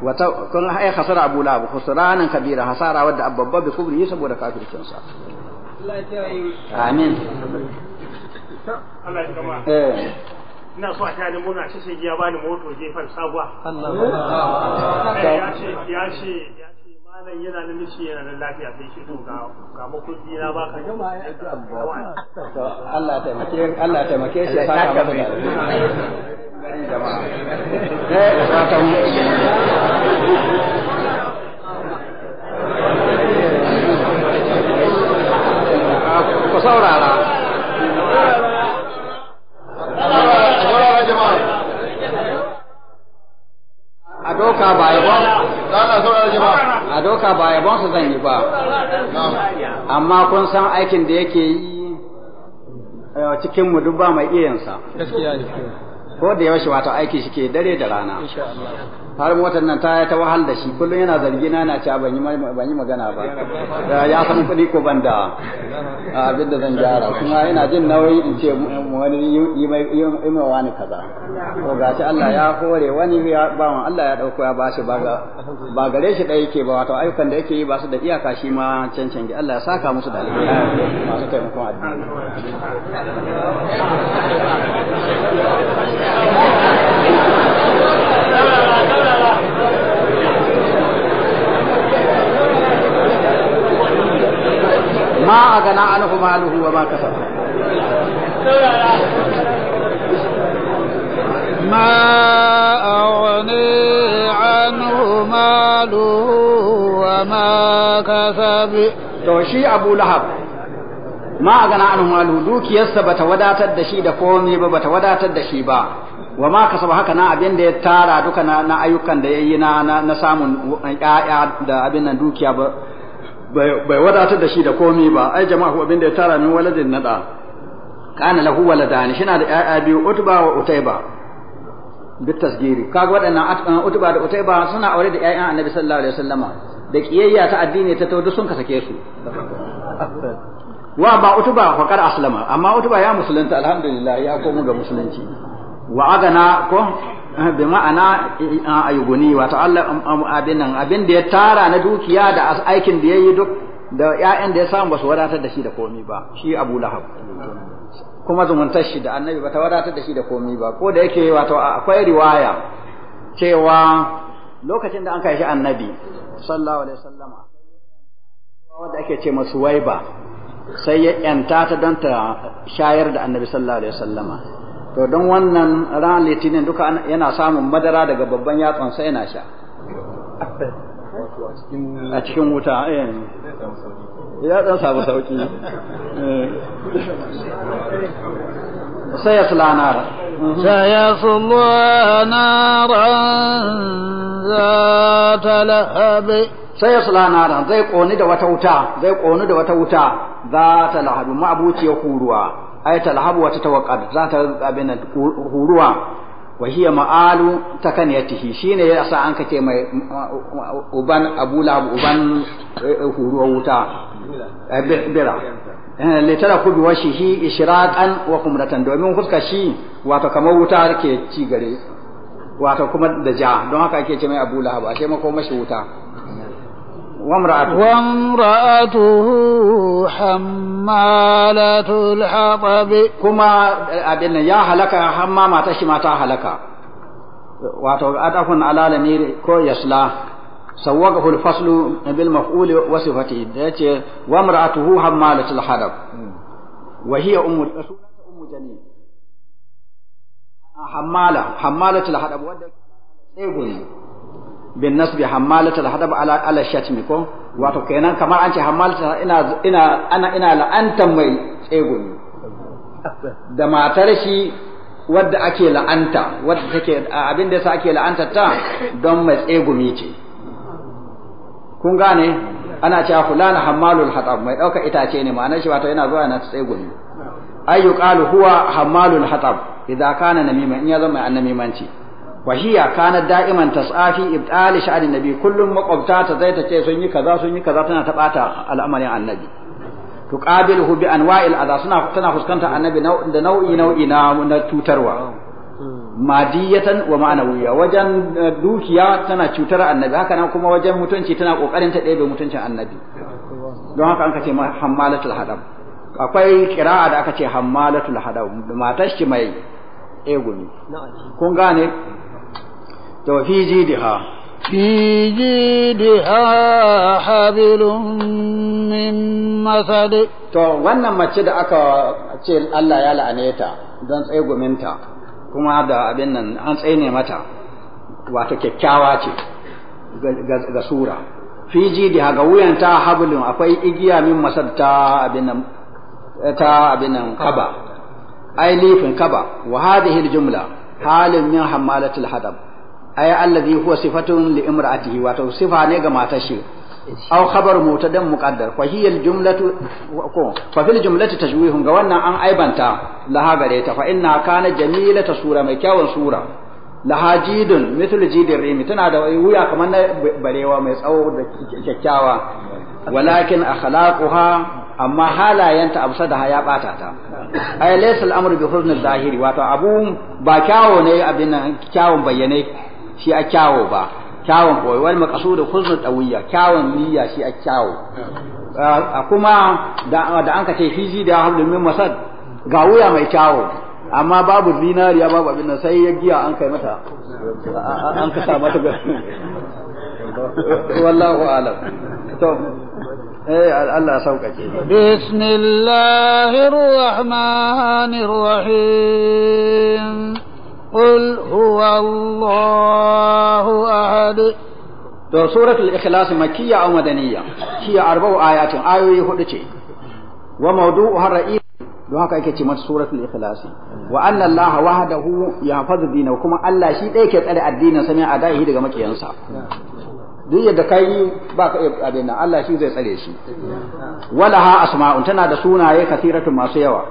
wa kun ai hasara abu lahab khusranan kabira hasara wadda abbabba bi kubri saboda kafircin sa amin Allah ya kama eh ina so a ta ni muna shi sai ya bani moto jefan sabuwa Allah ya eh, ce ya ce malam yana da mishi yana da lafiya sai shi ga na baka jama'a ya ji Allah taimake Allah taimake shi jama'a saurara doka ba yabon a doka ba su zan yi ba amma kun san aikin da yake yi eh, cikin mu duk ba mai iyansa ko da yaushe wato aiki shi ke dare da rana har motar nan ta ta wahal da shi kullum yana zargi na cewa ban yi ban yi magana ba ya san kudi ko ban da abin da zan gyara kuma yana jin nauyi in ce wani yi mai wani kaza ko gashi Allah ya hore wani ya bawan Allah ya dauko ya bashi ba ba gare shi dai yake ba wato ayyukan da yake yi ba su da iyaka shi ma cancanci Allah ya saka musu da alheri masu taimakon addini ما أغنى عنه ماله وما كسب ما أغني عنه ماله وما كسب توشي أبو لهب ma a gana an malu dukiyarsa bata wadatar da shi da komai ba bata wadatar da shi ba wa ma kasaba haka na abin da ya tara duka na ayyukan da ya yi na na samun ƴaƴa da abin nan dukiya ba bai wadatar da shi da komai ba ai jama'a abin da ya tara min waladin nada kana lahu waladani shina da ƴaƴa biyu utba wa utayba bit tasgiri kaga waɗannan uh, utba da utayba suna aure da ƴaƴan annabi sallallahu alaihi wasallama da kiyayya ta addini ta tawo sun ka sake su wa ba utuba faqad aslama amma utuba ya musulunta alhamdulillah ya komo ga musulunci wa agana ko eh, bi ma'ana eh, ayuguni wato Allah um, um, abin nan abin da ya tara na dukiya da aikin da yayi duk da ƴaƴan da ya samu ba su wadatar da shi da komi ba shi Abu Lahab kuma zumuntar shi da Annabi ba ta wadatar da shi da komi ba ko da yake wato akwai riwaya cewa lokacin da an kai shi Annabi sallallahu alaihi wasallama wanda ake ce masu waiba sai ya yanta ta don ta shayar da annabi sallallahu alaihi wasallama to don wannan ran litinin duka yana samun madara daga babban yatsan sai yana sha a cikin wuta eh. ya dan samu sauki eh. sai ya sulanar sai ya sulanar za ta lahabi sai ya sulanar zai koni da wata wuta zai koni da wata wuta za ta lahabu ma'abuciya huruwa ai ta lahabu wata tawakkal za ta abin huruwa wa hiya ma'alu ya ne shine sa an kace mai uban abu lahab uban eh, huruwa wuta eh, bira eh, li taraku bi washihi ishraqan wa kumratan domin huska shi wato kamar wuta ke ci gare wato kuma da ja don haka ake ce mai abu lahab ashe ko mashi wuta وامرأته وامرأته حمالة الحطب كما أدن يا هلكا حمامة شماتا هلكا وأتفن على الأمير كويسلا سوقه الفصل بالمفعول وصفته وامرأته حمالة الحطب وهي أم أم جنين حمالة حمالة الحطب bin nasbi hammalata da hadaba ala ala shatmi ko wato kenan kamar an ce hammalata ina ina ana ina la'anta mai tsegumi da matar shi wadda ake la'anta wadda take abin da yasa ake la'anta ta don mai tsegumi ce kun gane ana cewa fulana hammalul hatab mai dauka itace ne ma'anar shi wato yana zuwa na tsegumi ayyuqalu huwa hammalul hatab idza kana namima in ya zama annamimanci wahiya kana da'iman tas'afi ibtali sha'anin nabi kullum makwabta ta zai ta ce sun yi kaza sun yi kaza annabi tuqabiluhu bi anwa'il adha suna tana fuskanta nau'i nau'i na na cutarwa madiyatan wa eh, cutar annabi haka kuma kokarin ta annabi don haka ce hammalatul akwai kira'a da aka ce hammalatul hadab mai egumi kun gane to fi jidha fi jidha hablum min masad to wannan mace da aka ce Allah ya la'ane ta don tseguminta kuma da abin nan an tsaine mata wato kyakkyawa ce ga sura fi jidha ga wuyanta hablum akwai igiya min masad ta abin nan ta abin nan kaba ai lifin kaba wa hadhihi aljumla halin min hamalatil hadab Aya allazi huwa sifatun li imra'atihi wato sifa ne ga matar shi aw khabar mutadan muqaddar fa hiya al jumlatu ko fa fil jumlati tashwihun ga wannan an aibanta laha gare ta fa inna kana jamilata sura mai kyawun sura laha jidun mithl jidir rimi tana da wuya kamar na barewa mai tsawo da kyakkyawa walakin akhlaquha amma halayenta absadaha ya bata ta ay laysa al amru bi husn zahiri wato abu ba kyawo ne abin nan kyawun bayyane shi a kyawo ba kyawon boye wal da husnul tsawiyya kyawon niyya shi a kyawo kuma da an ka ce da hablum min masad ga wuya mai kyawo amma babu zinariya babu abin nan sai ya giya an kai mata an kasa mata ga wallahu alam to eh Allah sauƙaƙe bismillahir rahmanir rahim قل هو الله أحد to suratul ikhlas makiyya aw madaniyya hiya arba'u ayatin ayoyi hudu ce wa mawdu'u har don haka ake ce mata suratul ikhlas wa anna allah wahdahu yahfazu dinahu kuma allah shi ɗaya ke tsare addinin sa ne a dahi daga makiyansa duk yadda kai ba ka iya abin Allah shi zai tsare shi walaha asma'un tana da sunaye kathiratun masu yawa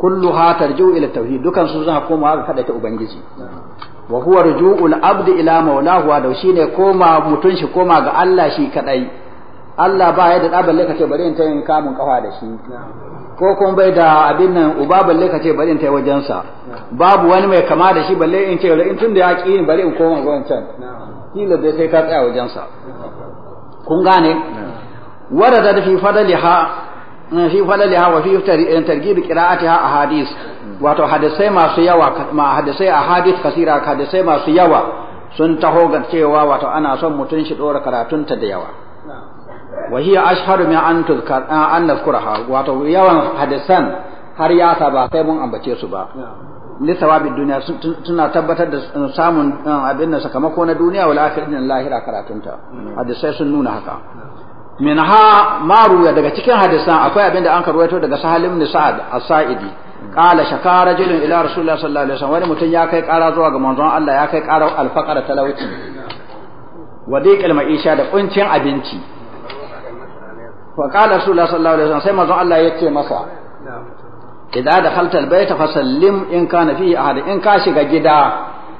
kulluha tarji'u ila tauhid dukan su suna komawa ga ta ubangiji wa huwa ruju'ul abd ila maulahu wa shine koma mutun shi koma ga Allah shi kadai Allah ba ya da da balle kace bari in tayin kamun kafa da shi ko kuma bai da abin nan uba balle kace bari in tayi wajen sa babu wani mai kama da shi balle in ce in tun da ya ki bari in koma ga wancan kila dai sai ka tsaya wajensa. kun gane warada da fi fadaliha Mm, fi falaliha wa fi targhib eh, qira'atiha ahadith wato hadisai masu yawa ma hadisai ahadith kasira hadisai masu yawa sun taho ga cewa wato ana son mutun shi dora karatunta da yawa wa hiya ashharu min an tuzkar eh, an nazkuraha wato yawan hadisan har ya saba sai mun ambace su ba li sawabin duniya suna tabbatar da samun eh, abin da sakamako na duniya wal akhirin lahira karatunta mm. hadisai sun nuna haka Min minha maruya daga cikin hadisan akwai abin da an karwaito daga sahalim ni sa'ad as-sa'idi qala shaka rajulun ila rasulillah sallallahu alaihi wasallam wani mutum ya kai kara zuwa ga manzon Allah ya kai kara al-faqara talawti wa diqil ma'isha da kuncin abinci fa qala rasulullah sallallahu alaihi wasallam sai manzon Allah ya ce masa idza dakhalta al-bayta fasallim in kana fihi ahad in ka shiga gida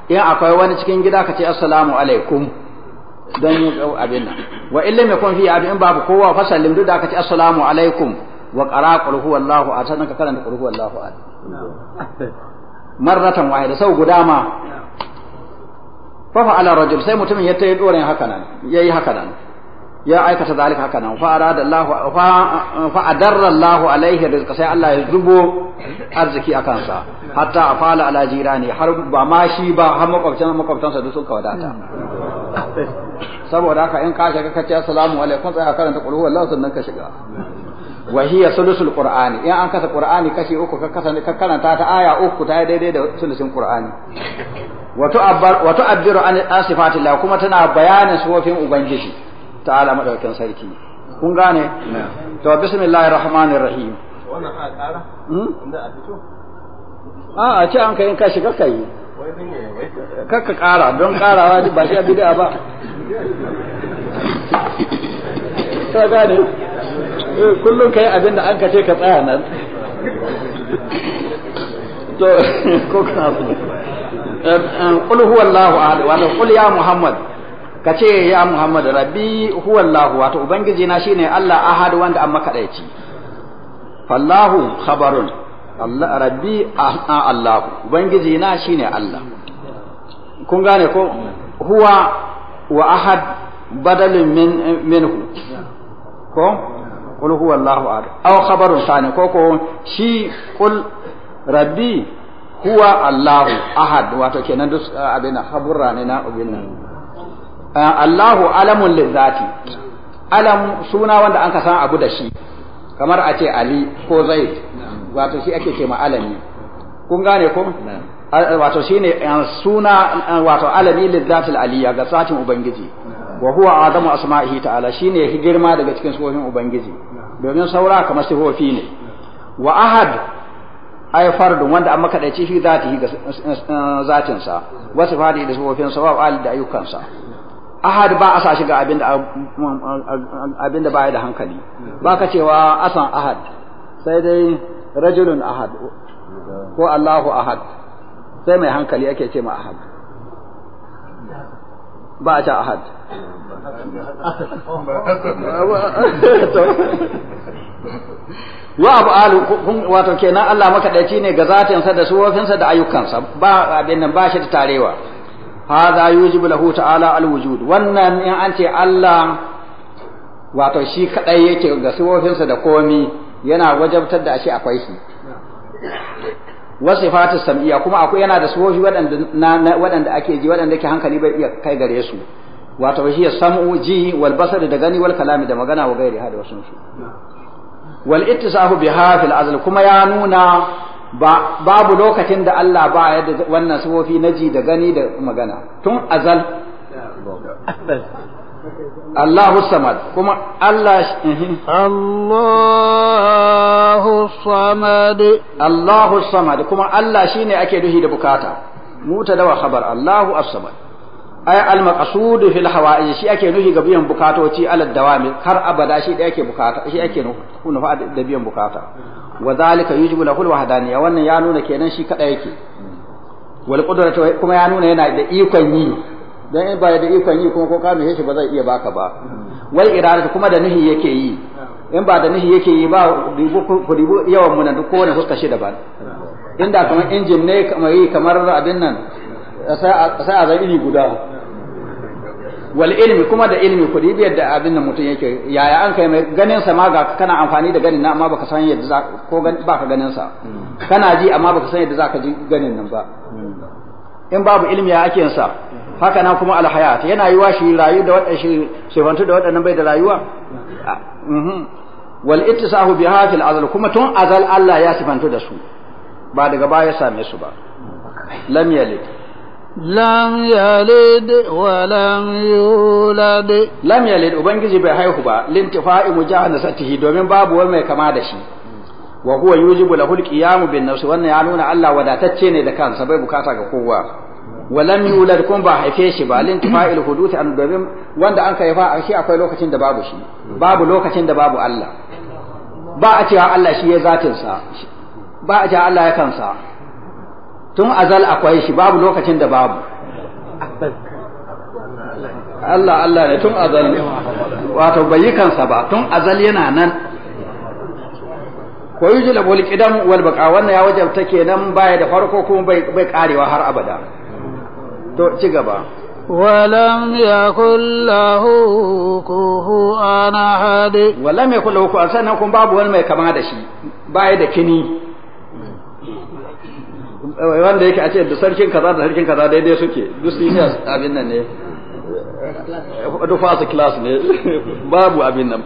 in akwai wani cikin gida ka ce assalamu alaikum don yin abin nan wa illa mai kun fi abin babu kowa fasalin duk da aka ce assalamu alaikum wa ƙara qul huwallahu ahad sannan ka karanta qul huwallahu ahad marratan da sau guda ma fa ala rajul sai mutumin ya tayi doren haka nan yayi haka nan ya aikata zalika haka nan fa arada Allah fa adarra Allah alaihi rizqa sai Allah ya zubo arziki akan sa hatta afala ala jirani har ba ma shi ba har makwabtan makwabtansa duk sun kawadata hmm. saboda haka in ka shiga ka ce assalamu alaikum sai ka karanta qul huwallahu sannan ka shiga wa hiya sulusul qur'ani in an kasa qur'ani kashi uku ka kasa ka karanta ta aya uku ta daidai da sulusin qur'ani wa tu'abbar wa tu'abbiru an sifatillah kuma tana bayanin sifofin ubangiji ta'ala madaukakin sarki kun gane to bismillahir rahmanir rahim wannan a ƙara hmm? inda a fito a a ce an kai in ka shiga kai kakka kara don karawa ba shi a bid'a ba ta gane eh, kullum kai abin da an ka ce ka tsaya nan to ko kana so eh, eh, qul huwallahu ahad wa qul ya muhammad ka ce ya muhammad rabbi huwallahu wato ubangiji na shine allah ahad wanda an makadaici fallahu khabarun Allah rabbi a ah, ah, Allah ubangiji na shine Allah kun gane ko huwa wa ahad badalin min minhu ko qul huwa Allahu ahad aw khabarun sani ko ko shi qul rabbi huwa Allahu ahad wato kenan duk ah, abin habura ne na ubin nan Allahu alamun lizati alam suna wanda an ka san abu da shi kamar a ce Ali ko Zaid wato shi ake ce alami kun gane ko wato shine eh, suna eh, wato alami lizzatul aliyya ga satin ubangiji wa huwa adamu asma'ihi ta'ala shine girma daga cikin sifofin ubangiji domin saura kamar sifofi ne wa ahad ay fardun wanda amma kada ci shi zatihi ga eh, zatin sa wasu fadi da sifofin sa wa al da ayyukan sa ahad ba a sa shi ga abinda abinda baya da hankali ba ka cewa asan ahad sai dai rajulun ahad ko Allahu ahad sai mai hankali ake ce ma ahad ba a ta ahad wa abu alu wato kenan Allah makaɗaici ne ga zatinsa da sa da ayyukansa ba abin nan ba shi da tarewa hadha yujibu lahu ta'ala alwujud wannan in an ce Allah wato shi kadai yake ga sa da komi yana wajabtar da ashe akwai shi wa sifatu sam'iyya kuma akwai yana da sifofi waɗanda waɗanda ake ji waɗanda ke hankali bai iya kai gare su wato shi sam'u ji wal basar da gani wal kalami da magana wa gairi hada wasu su wal ittisahu biha fil azl kuma ya nuna babu lokacin da Allah ba ya da wannan sifofi na ji da gani da magana tun azal Allahus Samad kuma Allah mhm. Allahus Samad Allahus kuma Allah shine ake duhi da bukata muta da khabar Allahu As-Samad ay al-maqsud fil hawa'i shi ake duhi ga biyan bukatoci alad dawami har abada shi da yake bukata shi ake nufa da biyan bukata wa zalika yujibu lahu al wannan ya nuna kenan shi kada yake wal kuma ya nuna yana da ikon yi dan in ba da ikon yi kuma ko ka nuhe shi ba zai iya baka ba wai irada kuma da nihi yake yi in ba da nihi yake yi ba ku ribu yawan mu na duk kowane fuska shi daban inda kamar injin ne kamar yi kamar abin nan sai a zan iri guda wal ilmi kuma da ilmi ku dubi yadda abin nan mutum yake yaya an kai mai ganin sa ma ga kana amfani da ganin na amma baka san yadda za ko baka ganin sa kana ji amma baka san yadda zaka ji ganin nan ba in babu ilmi ya ake sa haka na kuma alhayat yana yi wa shi rayu da wadannan shi sifantu da wadannan bai da rayuwa ah. mhm. wal ittisahu biha fil azal kuma tun azal Allah ya sifantu da su ba daga baya same su ba lam yalid lam yalid wa lam yulad lam ubangiji bai haihu ba lintifa'i satihi domin babu wani mai kama da shi wa huwa yujibu hulƙi ya mu bin nafsi wannan ya nuna Allah wadatacce ne da kansa bai bukata ga kowa walam yulad kun ba haife shi ba lin tifa'il huduth an domin wanda an kai fa shi akwai lokacin da babu shi babu lokacin da babu Allah ba a cewa Allah shi ya zatin sa ba a cewa Allah ya kansa tun azal akwai shi babu lokacin da babu Allah Allah ne tun azal wato bai yi kansa ba tun azal yana nan ko yujlabul qidam wal walbaka, wannan ya wajabta kenan baya da farko kuma bai karewa har abada to ci gaba ولم يكن له كفوا أحد ولم يكن له كفوا sannan kun babu wani mai kama da shi baya da kini eh, wanda yake a ce da sarkin kaza da sarkin kaza daidai suke duk seniors abin nan ne duk fasa class ne babu abin nan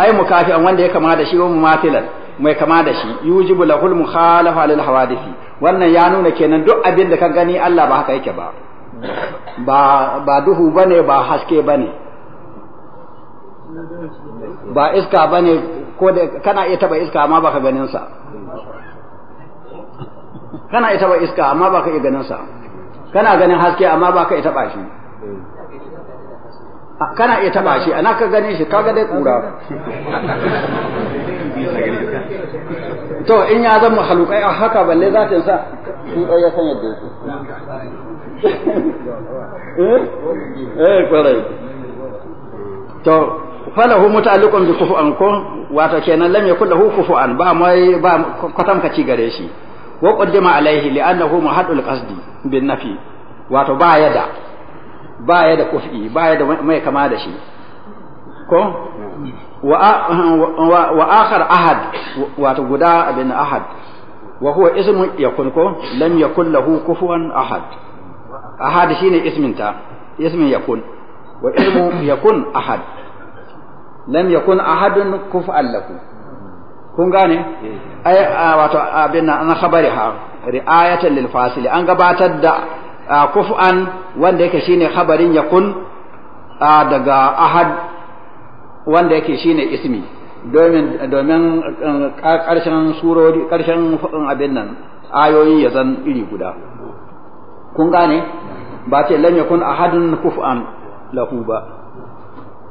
ai mukafi an wanda ya kama da shi wa matilan mai kama da shi yujibu lahul mukhalafa lil hawadisi wannan ya nuna kenan duk abin da ka gani Allah ba haka yake ba ba duhu bane ba haske bane ba iska bane ko da kana iya taba iska amma baka ganin sa kana iya taba iska amma baka iya ganin sa kana ganin haske amma baka iya taba shi kana iya taba shi ana ka gani shi kaga dai kura to in ya zama mahalukai a haka balle za ta sa shi ya san yadda su eh, eh kwarai to hu muta'alliqun bi an ko wato kenan lam yakul lahu an ba mai ba kwatam ka ci gare shi wa qaddama alaihi annahu muhaddul qasdi bin nafi wato ba yada ba yada kufi ba yada mai kama da shi ko wa akhar ahad wato guda abin ahad wa huwa ismu yakun ko lam yakun lahu kufuwan ahad ahad shine ismin ta ismin yakun wa ismu yakun ahad lam yakun ahadun kufuwan lahu kun gane ai wato abin an khabariha ri'ayatan lil fasili an gabatar da kufuwan wanda yake shine khabarin yakun daga ahad wanda yake shine ismi domin domin eh, karshen surori karshen eh, abin nan ayoyi ya zan iri guda kun gane ba ce lan yakun ahadun kuf'an lahu ba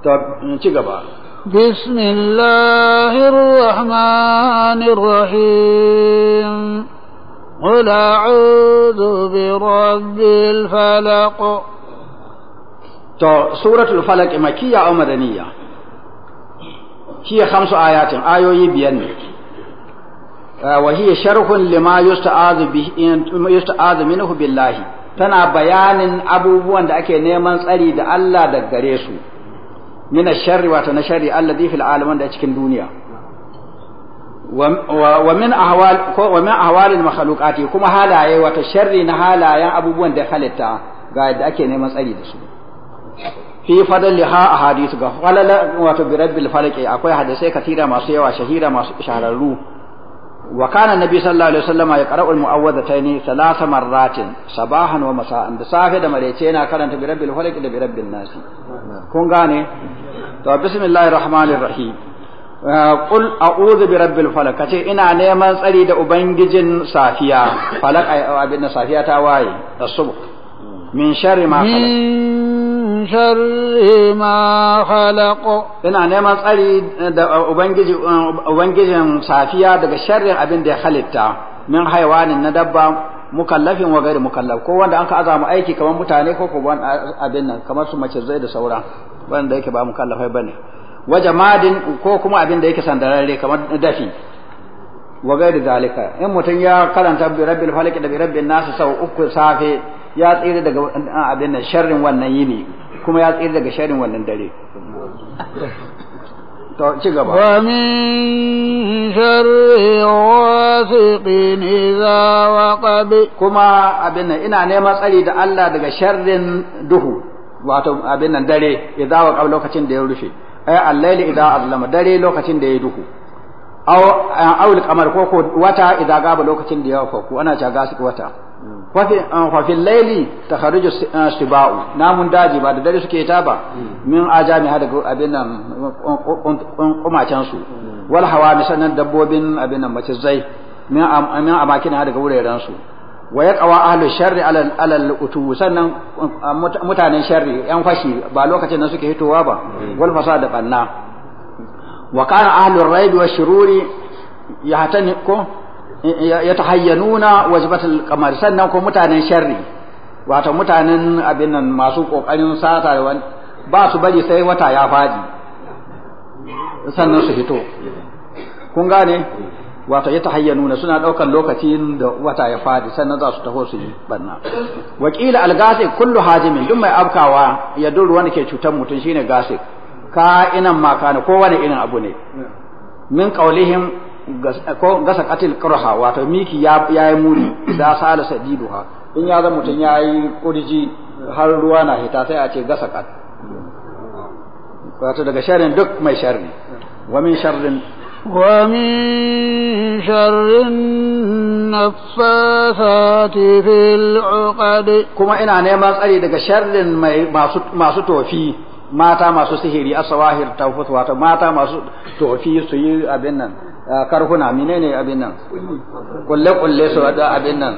ta ci gaba بسم الله الرحمن الرحيم قل أعوذ برب الفلق سورة الفلق مكية أو مدنية hiya khamsu ayatin ayoyi biyan ne ah, wa sharhun lima yusta'azu tana bayanin abubuwan da ake neman tsari da Allah da gare su min ash-sharri wato na sharri alladhi fil alamin da cikin duniya wa min ahwal ko wa min ahwal al kuma halaye wato sharri na halayen abubuwan da halitta ga yadda ake neman tsari da su fi fadliha ahadithu ga falala wato bi rabbil falqi akwai hadisai katira masu yawa shahira masu shahararru wa kana nabi sallallahu alaihi wasallama ya qara'u almu'awwadhatayn thalatha marratin sabahan wa masa'an da safe da maraice yana karanta bi rabbil falqi da bi rabbin nas kun gane to bismillahir rahmanir rahim uh, qul a'udhu bi rabbil falaq kace ina neman tsari da ubangijin safiya falaq abin safiya ta waye da subh min sharri ma khalaq شر ما ina neman tsari da ubangiji ubangijin safiya daga sharrin abin da ya halitta min haiwanin na dabba mukallafin wa gari mukallaf ko wanda an ka azama aiki kamar mutane ko ko abin nan kamar su mace zai da saura wanda yake ba mukallafai bane wa jamadin ko kuma abin da yake sandararre kamar dafi wa gairi zalika in mutum ya karanta bi rabbil falaq da bi rabbin nas sau uku safe ya tsira daga abin nan sharrin wannan yini kuma ya tsira daga sharin wannan dare to ci gaba wa min sharri wasiqin idza waqab kuma abin nan ina neman tsari da Allah daga sharrin duhu wato abin nan dare idza waqab lokacin da ya rufe ay al-layli idza azlama dare lokacin da ya duhu aw aw al-qamar ko ko wata idza gaba lokacin da ya faku ana ta gasu wata Kwafin ah, laili ta harijo shiba'u ah, namun daji ba da dare suke ta ba min ajami har daga abin nan um, um, su wal hawa misannan dabbobin abin nan zai min ah, amakin har daga su wa ya kawa ahlu sharri alal utu sannan um, mutanen sharri yan fashi ba lokacin da suke hitowa ba wal fasada banna wa kana ahlu raibi wa shururi hatani ko ya ta tahayyanuna wajibatul qamar sannan ko mutanen sharri wato mutanen abin nan masu kokarin sata da ba su bari sai wata ya faɗi. sannan su fito kun gane wato ya ta tahayyanuna suna daukan lokacin da wata ya faɗi sannan za su taho su yi banna wakila algasi kullu hajimin duk mai afkawa ya duru wanda ke cutar mutum shine gasi ka inan makana ko wani irin abu ne min qaulihim Eh, ko gasa katil kurha wato miki ya yi muri da sala sadiduha in ya zama mutum ya yi kurji har ruwa na hita sai a ce gasa kat wato daga sharrin duk mai sharri wa min sharrin min sharrin النفاثات fil العقد Kuma ina neman tsare daga sharrin masu tofi mata masu sihiri asawahir tawfut wato mata masu tofi su yi abin nan karhuna menene abin nan kulle kulle su da abin nan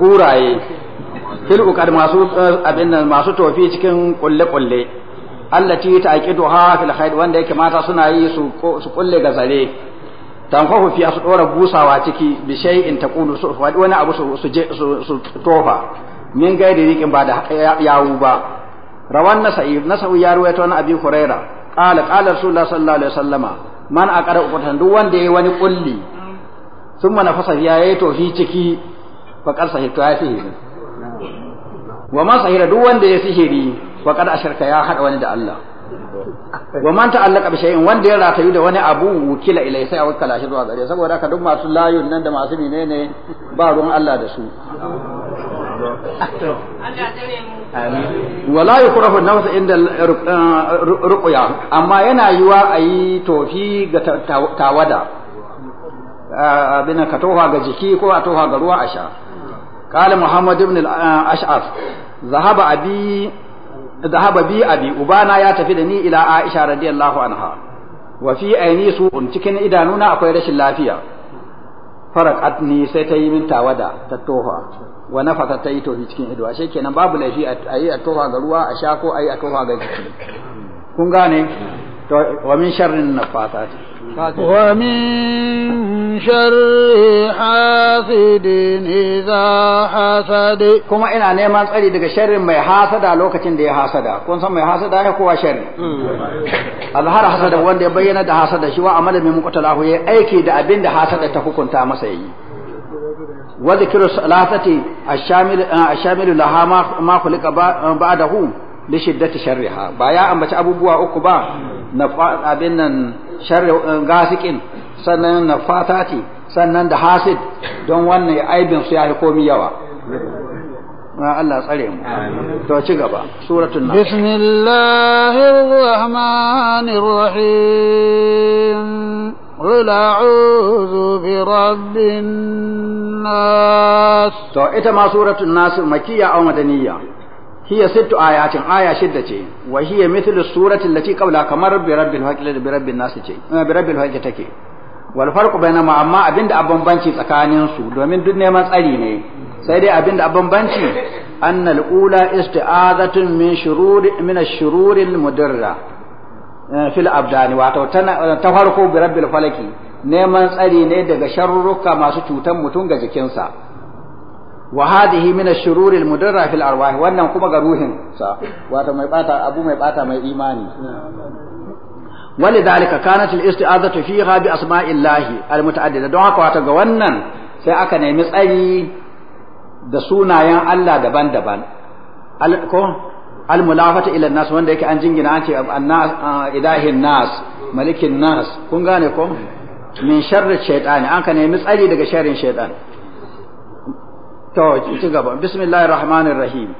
guraye fil kad masu eh, abin nan masu tofi cikin kulle kulle allati taqiduha fil khayr wanda yake mata suna yi su su kulle ga zare tanfahu fiya su dora busawa ciki bi shay'in taqulu su wani abu su su tofa min gaidi rikin ba da yawu ba rawan nasa'i nasau ya ta wani abi huraira qala qala rasulullah sallallahu alaihi wasallama man aqara ukutan duk wanda yayi wani kulli thumma nafasa fiha yayi to fi ciki fa ya sihiri wa man sahira duk wanda ya sihiri fa qad asharka ya hada wani da Allah wa man ta'allaka bi shay'in wanda ya ratayu da wani abu wukila ilai sai a shi zuwa gare saboda haka duk masu layun nan da masu menene ba ruwan Allah da su wala yi kurafin na wasu inda rukuya uh, amma yana yiwa a yi tofi ga tawada uh, abin ka toha ga jiki ko a toha ga ruwa a sha kala Muhammadu ibn ashas zahaba biyu a biyu ubana ya tafi da ni ila aisha radiyallahu anha wa fi su cikin idanuna akwai rashin lafiya farakat ni sai ta yi min tawada ta toha wa nafasa ta yi tofi cikin ido ashe kenan babu laifi a yi a tofa ga ruwa a sha ko a yi a tofa ga jiki kun gane wa min sharrin nafasati wa min sharri hasidin idza hasade. kuma ina neman tsari daga sharrin mai hasada lokacin da ya hasada kun san mai hasada ya kowa sharri azhar hasada wanda ya bayyana da hasada shi wa amalin mai mukatalahu ya aiki da abin da hasada ta hukunta masa yi wa dhikru salatati ash-shamil ash-shamil laha ma khuliqa ba'dahu li shiddati ba ya ambaci abubuwa uku ba na abin nan sharri gasikin sannan na fatati sannan da hasid don wannan aibin su ya komi yawa Allah tsare mu to ci gaba suratul nas قل أعوذ برب الناس تو إتا ما سورة الناس مكية أو مدنية هي ست آيات آية شدة وهي مثل السورة التي قبلها كمر برب الحق برب الناس برب الحق تكي والفرق بينما أما أبند أبن بانشي تكانين سو دومين دنيا ما سأليني سيدة سيدي أبند أبن بانشي أن الأولى استعاذة من شرور من الشرور المدرة fil abdani wato ta farko bi rabbil falaki neman tsari ne daga sharurruka masu cutan mutum ga jikinsa wa hadhihi min ash-shurur al-mudarra fil arwah wannan kuma ga ruhin sa wato mai bata abu mai bata mai imani walidhalika kanat al-isti'azatu fiha bi asma'illahi al-muta'addida don haka wato ga wannan sai aka nemi tsari da sunayen Allah daban-daban almulafata ila nas wanda yake an jingina an ce annas ilahin nas malikin nas kun gane ko min sharri shaytan an ka nemi tsari daga sharrin shaytan to ci gaba bismillahir rahmanir rahim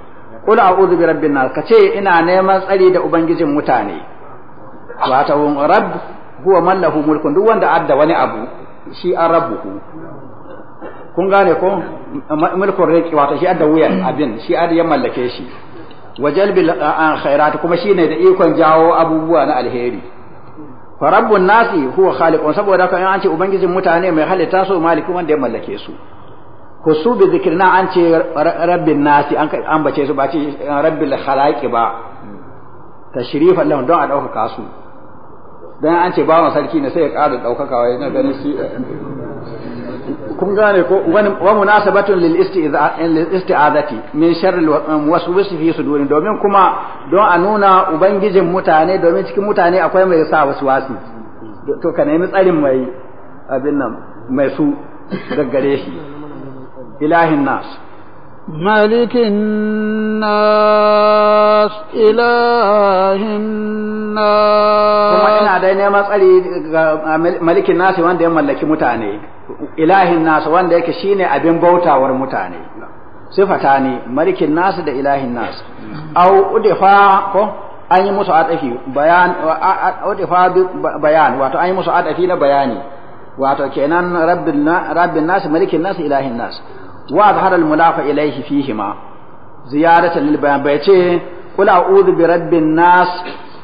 qul a'udhu bi rabbin nas kace ina neman tsari da ubangijin mutane wato rabb huwa man lahu mulkun duk wanda adda wani abu shi an rabbuhu kun gane ko mulkun riki wato shi adda wuyan abin shi adda ya mallake shi wa jalbil khairat kuma shine da ikon jawo abubuwa na alheri fa nasi huwa khaliqun saboda haka in an ce ubangijin mutane mai halitta su malikin wanda ya mallake su ko su bi zikirna an ce rabbin nasi an ambace su ba ce eh, rabbil khalaqi ba tashrifan lahum don a daukaka su dan an ce bawan sarki ne sai ya ƙara daukaka wai na ganin shi eh, kun gane ko wa munasabatun lil isti'azati min sharri um, waswasi fi suduri domin kuma don a nuna ubangijin mutane domin cikin mutane akwai mai sa waswasi to ka nemi tsarin mai abin nan mai su gaggare shi ilahin nasu ملك الناس إله الناس kuma ina dai neman tsari ga malikin nasi wanda ya mallaki mutane ilahin nasu wanda yake shine abin bautawar mutane sifata ne malikin nasu da ilahin nasu au udifa ko an yi musu atafi bayan udifa wato an yi musu atafi na bayani wato kenan rabbin nasu malikin nasu ilahin nasu wa azhara al-mulafa ilayhi fihima ziyaratan lil bayan bai ce qul a'udhu bi rabbin nas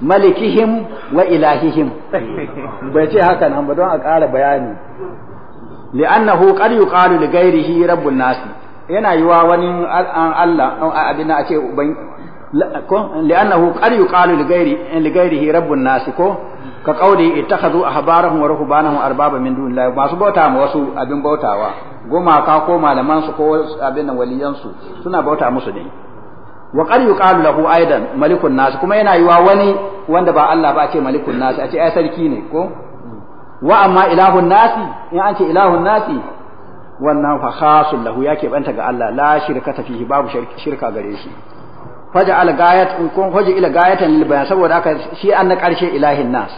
malikihim wa ilahihim bai ce haka ba don a ƙara bayani li'annahu qad yuqalu yana yiwa wani Allah abin a ce ko li'annahu qad yuqalu li ghairi li ghairihi rabbun nas ko ka kauli ittakhadhu ahbarahum wa ruhbanahum arbaba min dunillahi masu bauta ma wasu abin bautawa ka ko malaman su ko abin nan waliyan su suna bauta musu ne wa qad yuqalu lahu aidan malikun nas kuma yana yiwa wani wanda ba Allah ba ce malikun nas a ce ai sarki ne ko wa amma ilahun nasi in an ce ilahun nasi wannan fa khasul lahu ya banta ga Allah la shirkata fihi babu shirka gare shi faja al gayat in kun faja ila gayatan lil bayan saboda haka shi an na karshe ilahin nas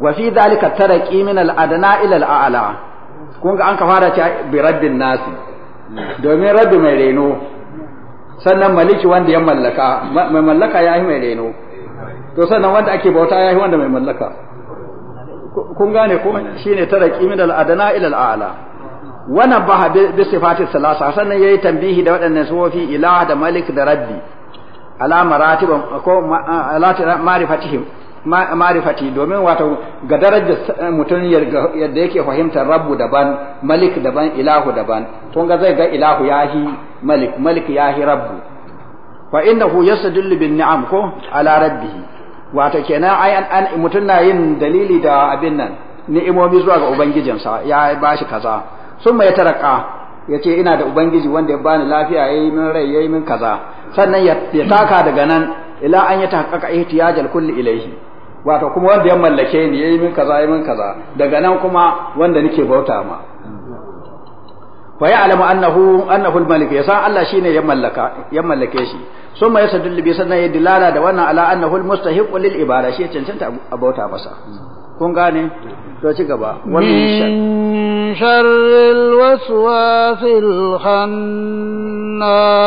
wa fi dhalika taraqi min al-adna ila al-a'la kun ga an ka fara ta bi raddin nasi domin raddu mai reno sannan maliki wanda ya mallaka mai mallaka yayi mai reno to sannan wanda ake bauta yayi wanda mai mallaka kun gane ko shine taraqi min al-adna ila al-a'la Wannan baha bi sifati salasa sannan yayi tambihi da waɗannan sufofi ilah da malik da rabbi ala maratib ko ala marifatihim ma'rifati domin wato ga darajar mutum yadda yake fahimtar rabbu daban malik daban ilahu daban tun ga zai ga ilahu yahi malik malik yahi rabbu fa innahu yasdullu bin ni'am ko ala rabbih wato kenan ai an mutum na yin dalili da abin nan ni'imomi zuwa ga ubangijinsa ya bashi kaza sun mai taraka ya ina da ubangiji wanda ya bani lafiya ya yi min rai ya min kaza sannan ya taka daga nan ila an ya tahaqqaqa ihtiyajal kulli ilaihi wato kuma wanda ya mallake ni yayi min kaza yayi min kaza daga nan kuma wanda nake bauta ma wa ya'lamu annahu annahu al-malik san Allah shine ya mallaka ya mallake shi summa yasadullu bi sannan ya dilala da wannan ala annahu al-mustahiq lil ibada shi cancanta a bauta masa kun gane to ci gaba wannan al waswasil khannas